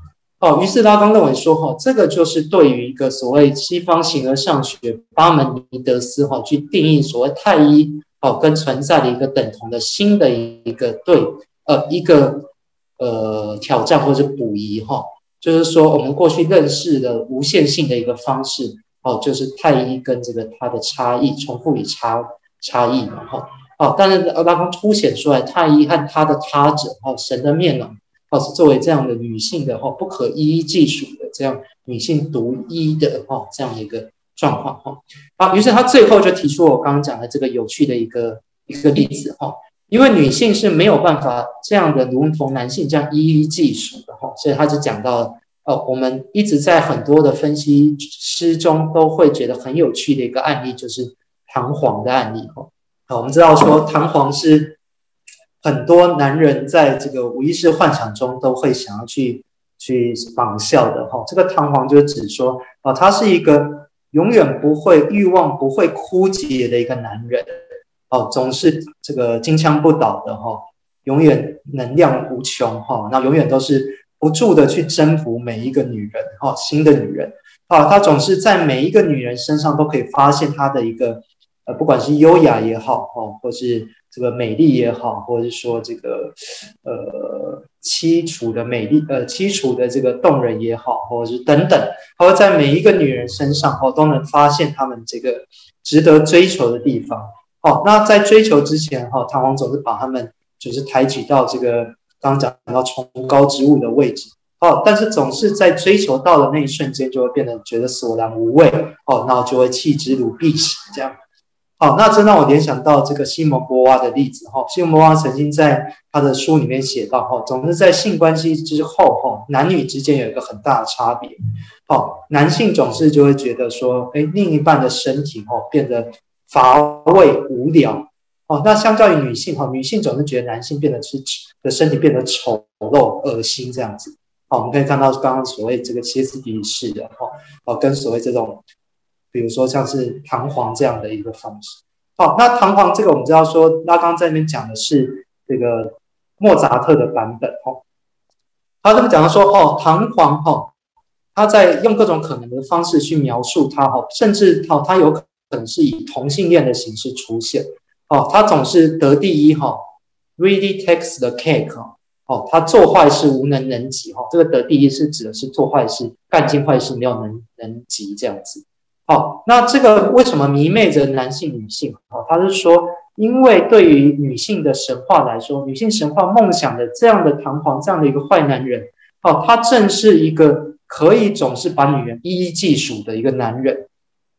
哦，於是拉康認為說，哈、哦，這個就是對於一個所謂西方形而上學巴門尼德斯哈、哦，去定義所謂太一哦，跟存在的一個等同的新的一個對呃一個呃挑戰或者補遺哈、哦，就是說我們過去認識的無限性的一個方式哦，就是太一跟這個它的差異、重複與差差異然後哦，但是拉康凸顯出來太一和他的他者哦，神的面容。哦，作為這樣的女性的話，不可一一計數的這樣女性獨一的話，這樣一個狀況哈。啊，於是他最後就提出我剛剛講的這個有趣的一個一個例子哈、啊。因為女性是沒有辦法這樣的如同男性這樣一一計數的哈、啊，所以他就講到了哦、啊，我們一直在很多的分析師中都會覺得很有趣的一個案例就是唐璜的案例哈。好、啊，我們知道說唐璜是。很多男人在這個無意識幻想中都會想要去去仿效的哈、哦，這個唐璜就是指說啊、哦，他是一個永遠不會欲望不會枯竭的一個男人哦，總是這個金槍不倒的哈、哦，永遠能量無窮哈、哦，那永遠都是不住的去征服每一個女人哈、哦，新的女人啊、哦，他總是在每一個女人身上都可以發現他的一個呃，不管是優雅也好哦，或是。這個美麗也好，或者是說這個呃淒楚的美麗呃淒楚的這個動人也好，或者是等等，他會在每一個女人身上哦都能發現他們這個值得追求的地方哦。那在追求之前哈、哦，唐璜總是把他們就是抬舉到這個剛剛講到崇高之物的位置哦，但是總是在追求到了那一瞬間，就會變得覺得索然無味哦，那我就會棄之如敝屣這樣。好，那這讓我聯想到這個西蒙波娃的例子哈。西蒙波娃曾經在他的書裡面寫到哈，總是在性關係之後哈，男女之間有一個很大的差別。哦，男性總是就會覺得說，哎，另一半的身體哈變得乏味無聊。哦，那相較於女性哈，女性總是覺得男性變得是的身體變得醜陋惡心這樣子。好，我們可以看到剛剛所謂這個歇斯底里式的哈，哦，跟所謂這種。比如說像是唐璜這樣的一個方式。好、哦，那唐璜這個我們知道說，拉岡，剛在那邊講的是這個莫扎特的版本哦。他這麼講到說哦，唐璜哈，他、哦、在用各種可能的方式去描述他哦，甚至哈，他、哦、有可能是以同性戀的形式出現。哦，他總是得第一哈、哦。Really takes the cake 哦，他做壞事無人能及哦，這個得第一是指的是做壞事，幹盡壞事沒有人能及這樣子。哦，那這個為什麼迷昧着男性、女性？哦，他是說，因為對於女性的神話來說，女性神話夢想的這樣的唐璜，這樣的一個壞男人，哦，他正是一個可以總是把女人一一計數的一個男人，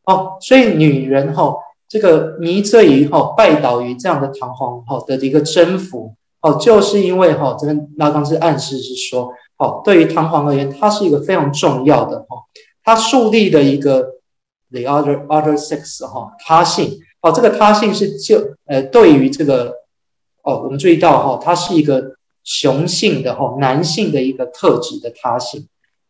哦，所以女人，哦，這個迷醉於，哦，拜倒於這樣的唐璜，哦的一個征服，哦，就是因為，哦，這個拉岡是暗示是說，哦，對於唐璜而言，他是一個非常重要的，哦，他樹立的一個。the other other sex 哈、oh,，他性，哦、oh,，這個他性是就呃，對於這個，哦、oh,，我們注意到哈，oh, 他是一個雄性的哦，oh, 男性的一個特質的他性，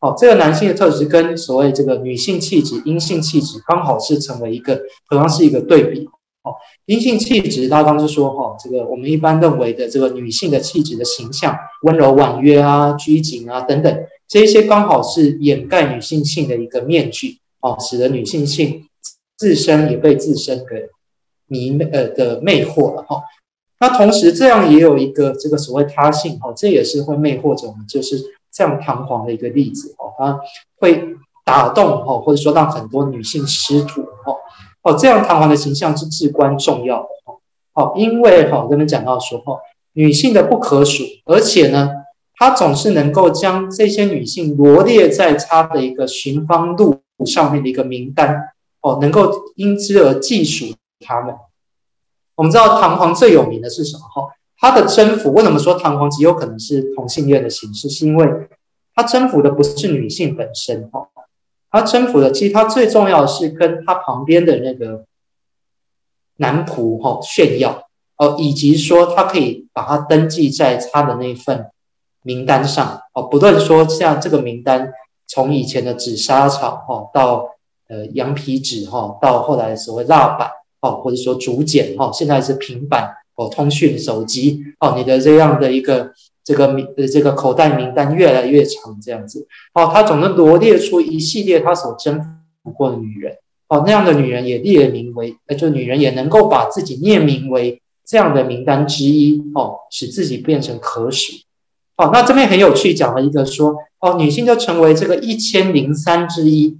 哦、oh,，這個男性的特質跟所謂這個女性氣質、陰性氣質，剛好是成為一個，好像是一個對比，哦、oh,，陰性氣質，大家剛剛是說哈，oh, 這個我們一般認為的這個女性的氣質的形象，溫柔婉約啊、拘謹啊等等，這一些剛好是掩蓋女性性的一個面具。哦，使得女性性自身也被自身給迷呃的魅惑了哈。那同時這樣也有一個這個所謂他性哈，這也是會魅惑着我們，就是這樣唐璜的一個例子哈。他會打動哈，或者說讓很多女性失足哈。哦，這樣唐璜的形象是至關重要的哈。好，因為哈，我跟你們講到說哈，女性的不可數，而且呢，他總是能夠將這些女性羅列在他的一個尋芳路上面的一個名單哦，能夠因之而計數他們。我們知道唐璜最有名的是什麼？哈，他的征服，為什麼說唐璜極有可能是同性戀的形式？是因為他征服的不是女性本身，哦，他征服的其實他最重要的是跟他旁邊的那個男僕，哈、哦，炫耀哦，以及說他可以把他登記在他的那份名單上，哦，不斷說像這個名單。從以前的紙莎草哈，到呃羊皮紙哈，到後來的所謂蠟板哦，或者說竹簡哈，現在是平板哦，通訊手機哦，你的這樣的一個這個名這個口袋名單越來越長，這樣子哦，他總能羅列出一系列他所征服過的女人哦，那樣的女人也列名為，就女人也能夠把自己列名為這樣的名單之一哦，使自己變成可數。好，那這邊很有趣，講了一個說哦，女性就成為這個一千零三之一。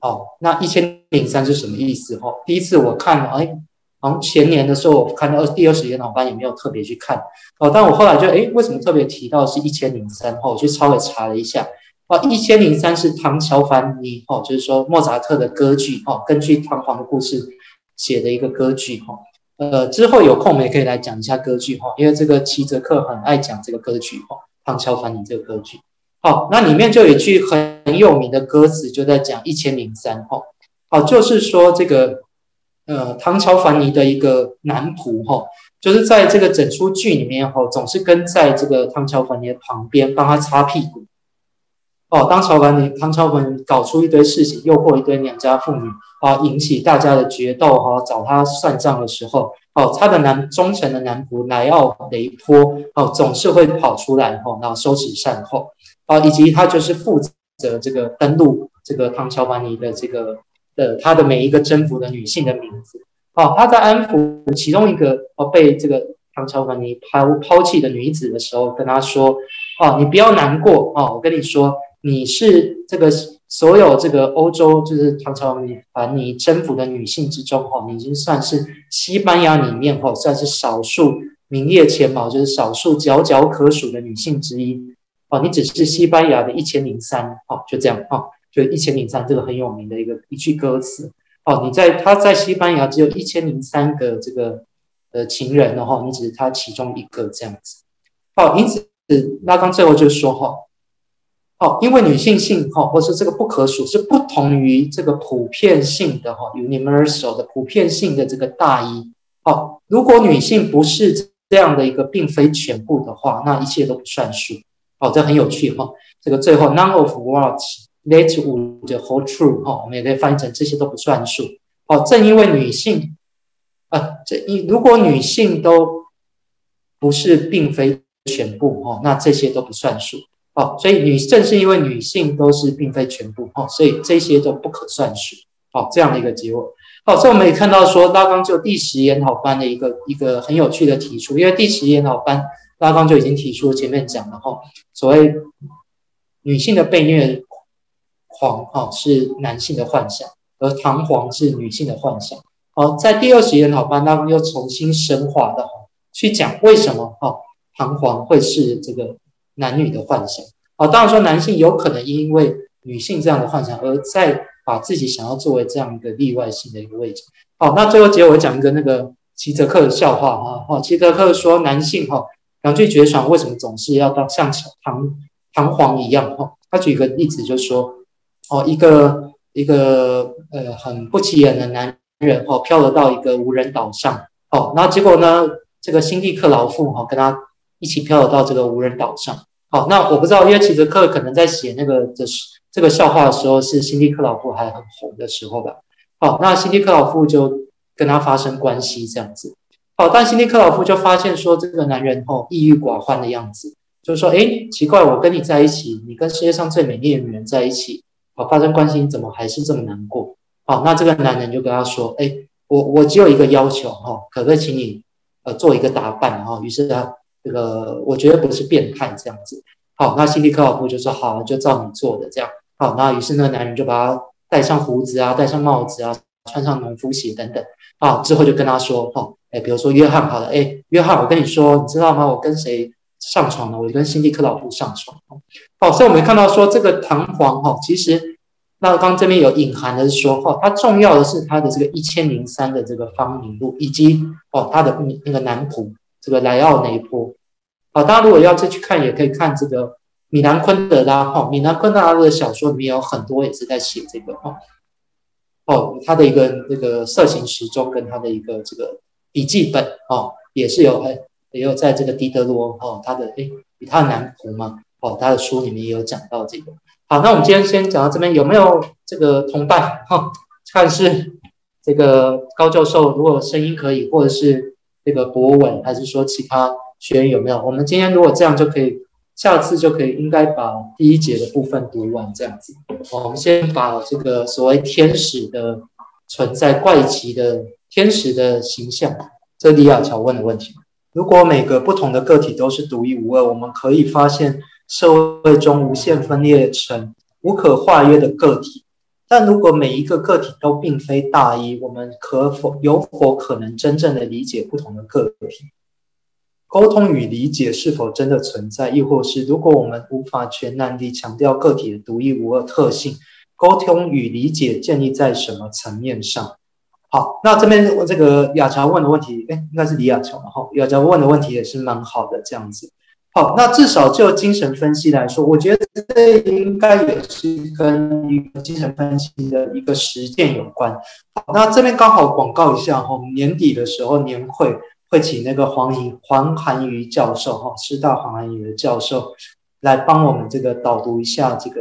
哦，那一千零三是什麼意思？哦，第一次我看了，哎，好像前年的時候我看到二第二十頁，老板也沒有特別去看。哦，但我後來就哎，為什麼特別提到是一千零三？哈，我去稍微查了一下，哦，一千零三是唐喬凡尼，哦，就是說莫扎特的歌劇，哦，根據唐璜的故事寫的一個歌劇，哈、哦。呃，之後有空我們也可以來講一下歌劇哈，因為這個齊澤克很愛講這個歌劇哈，唐喬凡尼這個歌劇。好、哦，那裡面就有一句很很有名的歌詞，就在講一千零三哈。好、哦，就是說這個呃，唐喬凡尼的一個男僕哈、哦，就是在這個整出劇裡面哈、哦，總是跟在這個唐喬凡尼的旁邊幫他擦屁股。哦，唐喬凡尼，唐喬凡尼搞出一堆事情，誘惑一堆良家婦女，啊、哦，引起大家的決鬥，哈、哦，找他算賬的時候，哦，他的男忠誠的男僕萊奧雷托，哦，總是會跑出來，哈、哦，然後收拾善後，啊、哦，以及他就是負責這個登錄這個唐喬凡尼的這個的他的每一個征服的女性的名字，哦，他在安撫其中一個哦被這個唐喬凡尼拋拋棄的女子的時候，跟她說，哦，你不要難過，哦，我跟你說，你是這個所有這個歐洲就是常常你把你征服的女性之中哦，你已經算是西班牙裡面哦，算是少數名列前茅，就是少數佼佼可數的女性之一哦。你只是西班牙的一千零三哦，就這樣哦，就一千零三這個很有名的一個一句歌詞哦。你在他在西班牙只有一千零三個這個呃情人哦，你只是他其中一個這樣子。好，因此拉康最後就說哦。哦，因為女性性哈，或是這個不可數，是不同於這個普遍性的哈 （universal） 的普遍性的這個大一。好，如果女性不是這樣的一個，並非全部的話，那一切都不算數。哦，這很有趣哈。這個最後，none of what that would hold true。哈，我們也可以翻譯成這些都不算數。哦，正因為女性啊，這一如果女性都不是並非全部哈，那這些都不算數。好，所以女正是因為女性都是並非全部哦，所以這些都不可算是好、哦、這樣的一個結果好，哦、所以我們也看到說拉岡就第十研討班的一個一個很有趣的提出，因為第十研討班拉岡就已經提出前面講了哈，所謂女性的被虐狂哈、啊、是男性的幻想，而唐璜是女性的幻想。好，在第二十研討班拉岡又重新升華的哈去講為什麼哈唐璜會是這個。男女的幻想，哦，當然說男性有可能因為女性這樣的幻想，而再把自己想要作為這樣的例外性的一個位置。好、哦，那最後結果我講一個那個齊澤克的笑話啊，哈、哦，齊澤克說男性哈、哦、兩具絕爽，為什麼總是要當像唐璜唐璜一樣哈、哦？他舉一個例子，就說哦，一個一個呃很不起眼的男人哈、哦，漂到一個無人島上，哦，然後結果呢，這個辛蒂克勞馥哈、哦、跟他，一起漂流到這個無人島上。好，那我不知道，因為齊澤克可能在寫那個的這個笑話的時候，是辛迪克勞夫還很紅的時候吧。好，那辛迪克勞夫就跟他發生關係，這樣子。好，但辛迪克勞夫就發現說，這個男人哦，抑鬱寡歡的樣子，就是說，誒、欸，奇怪，我跟你在一起，你跟世界上最美麗的女人在一起，哦，發生關係，你怎麼還是這麼難過？好，那這個男人就跟他說，誒、欸，我我只有一個要求，哈，可不可以請你呃做一個打扮？哈，於是他。這個我覺得不是變態這樣子，好，那辛迪克勞夫就說好，就照你做的這樣，好，那於是那個男人就把他戴上鬍子啊，戴上帽子啊，穿上農夫鞋等等啊，之後就跟他說，哦，誒比如說約翰，好了，哎，約翰，我跟你說，你知道嗎？我跟誰上床呢？我就跟辛迪克勞夫上床，哦，所以我們看到說這個唐璜，哦，其實那剛剛這邊有隱含的是說，哦，它重要的是它的這個一千零三的這個芳名錄，以及哦，它的那個男僕。這個萊奧那一波，好，大家如果要再去看，也可以看這個米蘭昆德拉哦。米蘭昆德拉的小說裡面有很多也是在寫這個哦，哦，他的一個這個色情時裝跟他的一個這個筆記本哦，也是有，也有在這個狄德羅哦，他的哎，他的男僕嘛哦，他的書裡面也有講到這個。好，那我們今天先講到這邊，有沒有這個同伴哈？哦，看是這個高教授，如果聲音可以，或者是。這個博文，還是說其他學員有沒有？我們今天如果這樣就可以，下次就可以應該把第一節的部分讀完這樣子。我們先把這個所謂天使的存在怪奇、的天使的形象，這裡李亞喬問的問題。如果每個不同的個體都是獨一無二，我們可以發現社會中無限分裂成無可化約的個體。但如果每一個個體都並非大一，我們可否有否可能真正的理解不同的個體？溝通與理解是否真的存在？亦或是如果我們無法全然地強調個體的獨一無二特性，溝通與理解建立在什麼層面上？好，那這邊這個雅喬問的問題，哎，應該是李雅瓊。然後雅喬問的問題也是蠻好的，這樣子。好，那至少就精神分析來說，我覺得這應該也是跟精神分析的一個實踐有關。好，那這邊剛好廣告一下哈、哦，年底的時候年會會請那個黃怡黃涵瑜教授哈，師、哦、大黃涵瑜的教授來幫我們這個導讀一下這個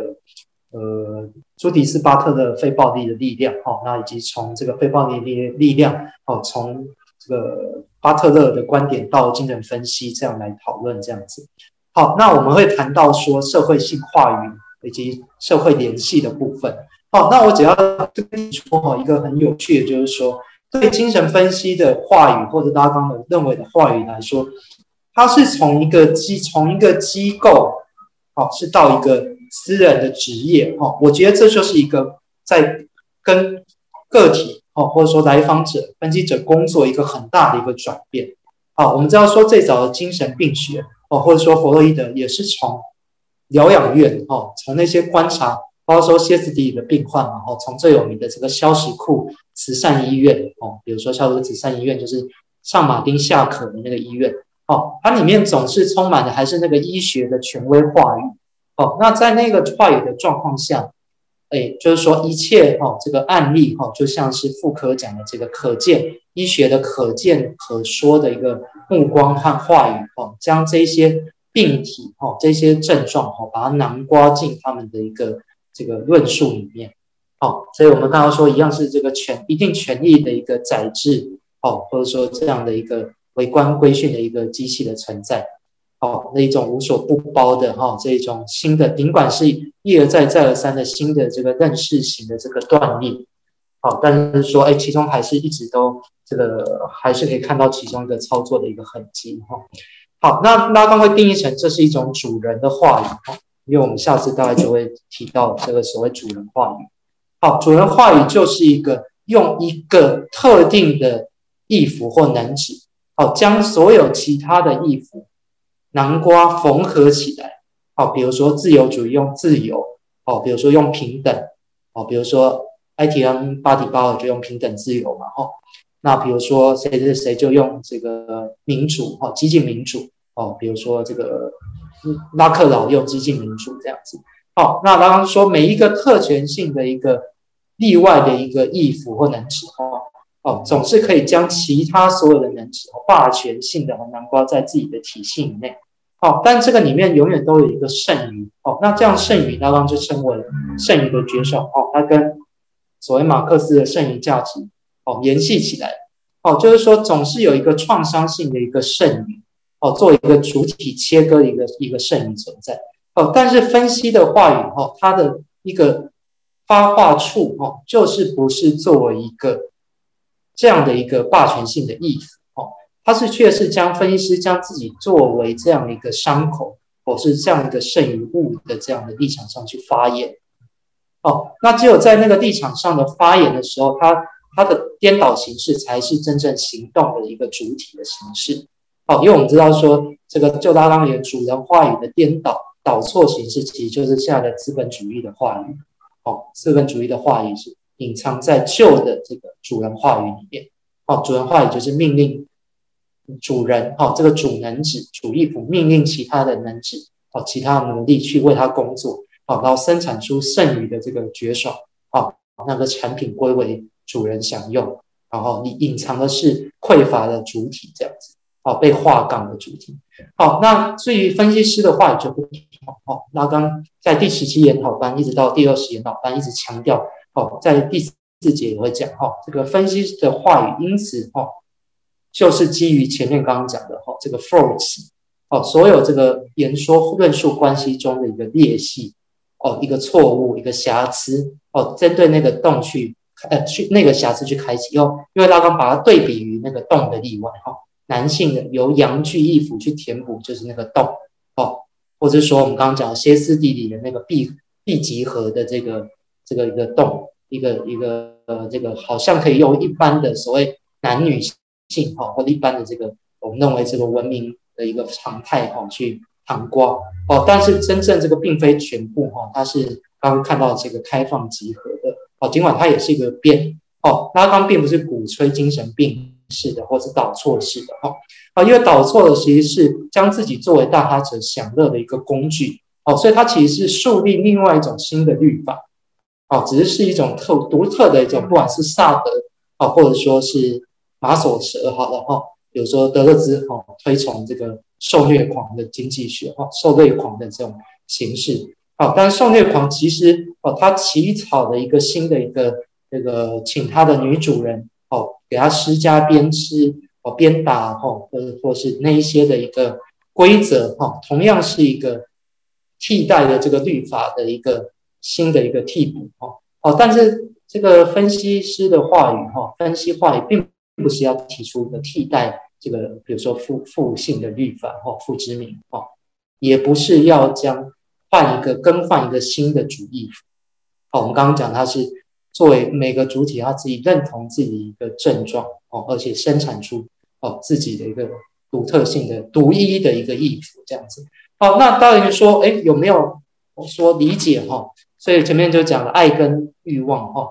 呃朱迪斯巴特的非暴力的力量哈、哦，那以及從這個非暴力力力量哦，從這個。巴特勒的觀點到精神分析這樣來討論，這樣子。好，那我們會談到說社會性話語以及社會聯繫的部分。好，那我只要對你說一個很有趣的就是說，對精神分析的話語或者大家剛才認為的話語來說，它是從一個機從一個機構，哦，是到一個私人的職業。哦，我覺得這就是一個在跟個體。哦，或者說來訪者、分析者工作一個很大的一個轉變。哦，我們知道說最早的精神病學，哦，或者說弗洛伊德也是從療養院，哦，從那些觀察，包括說歇斯底里的病患，然後從最有名的這個硝石庫慈善醫院，哦，比如說像這個慈善醫院就是上馬丁夏可的那個醫院，哦，它裡面總是充滿的還是那個醫學的權威話語。哦，那在那個話語的狀況下。哎、欸，就是說一切哈、哦，這個案例哈、哦，就像是傅柯講的這個可見醫學的可見可說的一個目光和話語哦，將這些病體哈、哦、這些症狀哈、哦，把它囊括進他們的一個這個論述裡面哦。所以我們剛剛說一樣是這個權一定權力的一個宰制哦，或者說這樣的一個圍觀規訓的一個機器的存在。好，那一種無所不包的哈、哦，這一種新的，儘管是一而再、再而三的新的這個認識型的這個斷裂，好，但是說哎，其中還是一直都這個還是可以看到其中一個操作的一個痕跡哈、哦。好，那拉康會定義成這是一種主人的話語，因為我們下次大概就會提到這個所謂主人話語。好，主人話語就是一個用一個特定的意符或能指，好、哦，將所有其他的意符。南瓜縫合起來，哦，比如說自由主義用自由，哦，比如說用平等，哦，比如說埃提安巴底巴爾就用平等自由嘛，哦，那比如說誰誰誰就用這個民主，哦，激進民主，哦，比如說這個、呃、拉克勞用激進民主這樣子，哦，那剛剛說每一個特權性的一個例外的一個義符或能指，哦。哦，總是可以將其他所有的人、哦、權性的能、哦、囊括在自己的體系以內，哦，但這個裡面永遠都有一個剩餘，哦，那這樣剩餘那當然就稱為剩餘的絕爽，哦，它跟所謂馬克思的剩餘價值，哦，聯繫起來，哦，就是說總是有一個創傷性的一個剩餘，哦，作為一個主體切割的一個一個剩餘存在，哦，但是分析的話語，哦，它的一個發話處，哦，就是不是作為一個。這樣的一個霸權性的意思哦，他是確實將分析師將自己作為這樣一個傷口或、哦、是這樣一個剩餘物的這樣的立場上去發言哦。那只有在那個立場上的發言的時候，他他的顛倒形式才是真正行動的一個主體的形式。哦，因為我們知道說這個拉岡當年，主人話語的顛倒倒錯形式，其實就是現在的資本主義的話語哦，資本主義的話語。隱藏在舊的這個主人話語裡面，好、哦，主人話語就是命令主人，好、哦，這個主能指主一僕命令其他的能指，好、哦，其他奴隸去為他工作，好、哦，然後生產出剩餘的這個絕爽，好、哦，那個產品歸為主人享用，然後你隱藏的是匱乏的主體這樣子，好、哦，被劃槓的主體，好、哦，那至於分析師的話語就不、是、同，好、哦，那剛在第十七研討班一直到第二十研討班一直強調。哦，在第四節也會講哈、哦，這個分析的話語，因此哦，就是基於前面剛剛講的哈、哦，這個 force 哦，所有這個言說論述關係中的一個裂隙哦，一個錯誤，一個瑕疵哦，針對那個洞去呃去那個瑕疵去開啟。因因為他剛把它對比於那個洞的例外哈、哦，男性的由陽具義符去填補就是那個洞哦，或者說我們剛剛講的歇斯底里的那個 B B 集合的這個。這個一個洞，一個一個呃，這個好像可以用一般的所謂男女性性哈、哦，或一般的這個我們認為這個文明的一個常態哈、哦、去談瓜哦，但是真正這個並非全部哈、哦，它是剛剛看到這個開放集合的哦，儘管它也是一個變哦，拉康並不是鼓吹精神病式的或是導錯式的哈、哦、啊，因為導錯的其實是將自己作為大他者享樂的一個工具哦，所以它其實是樹立另外一種新的律法。哦，只是是一種特獨特的一種，不管是薩德啊，或者說是馬索爾好的話，比如說德勒茲哦，推崇這個受虐狂的經濟學哈，受虐狂的這種形式哦，當然，受虐狂其實哦，他起草了一個新的一個這個，請他的女主人哦，給他施加鞭笞哦，鞭打哈，或者說是那一些的一個規則哈，同樣是一個替代的這個律法的一個。新的一個替補哦，哦，但是這個分析師的話語哈、哦，分析話語並不是要提出一個替代這個，比如說父父性的律法哈，父之名哈，也不是要將換一個更換一個新的主義，哦，我們剛剛講它是作為每個主體他自己認同自己的一個症狀哦，而且生產出哦自己的一個獨特性的獨一的一個意圖。這樣子哦，那到底說哎有沒有說理解哈？哦所以前面就講了愛跟欲望哈，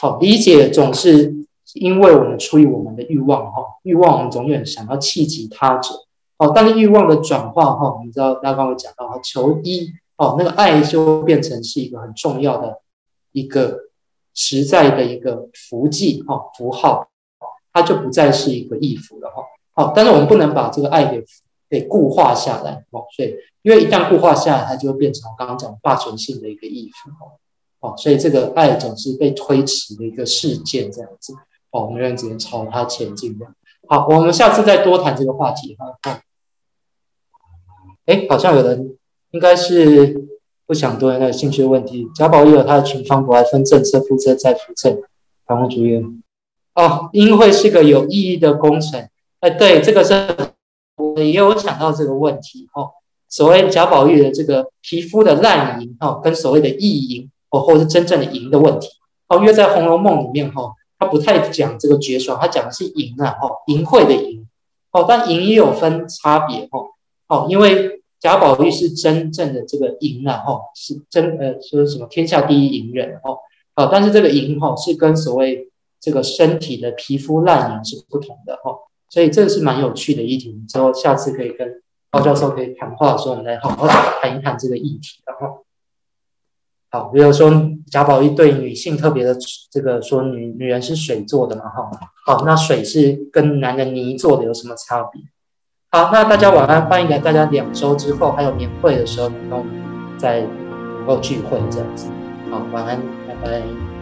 好理解，總是因為我們出於我們的欲望哈，欲望我們永遠想要企及他者。好，但是欲望的轉化哈，你知道剛剛我講到求一哦，那個愛就變成是一個很重要的一個實在的一個符記哈，符號，它就不再是一個意符了哈。好，但是我們不能把這個愛給給固化下來哈，所以。因為一旦固化下來，它就變成剛剛講霸權性的一個意圖，哦，所以這個愛總是被推遲的一個事件，這樣子我們有人直接朝它前進的、啊。好，我們下次再多談這個話題啊。哎，好像有人應該是不想對那個興趣問題。賈寶玉也有他的群芳，我，還分正冊、副冊、再副冊，台灣主音。哦，因為是個有意義的工程。哎，對，這個是，我也有想到這個問題，吼、哦。所謂賈寶玉的這個皮膚的濫淫哦，跟所謂的意淫哦，或者是真正的淫的問題哦，因為在《紅樓夢》裡面哈，他、哦、不太講這個絕爽，他講的是淫啊哦，淫穢的淫哦，但淫也有分差別哦。哦，因為賈寶玉是真正的這個淫啊哦，是真呃說什麼天下第一淫人哦，哦，但是這個淫哈、哦、是跟所謂這個身體的皮膚濫淫是不同的哦。所以這個是蠻有趣的議題，之後下次可以跟。高教授可以談話的時候，我們來好好談一談這個議題。然後，好，比如說賈寶玉對女性特別的這個說女，女女人是水做的嘛？哈，好，那水是跟男人泥做的有什麼差別？好，那大家晚安，歡迎大家兩周之後還有年會的時候能夠再能夠聚會這樣子。好，晚安，拜拜。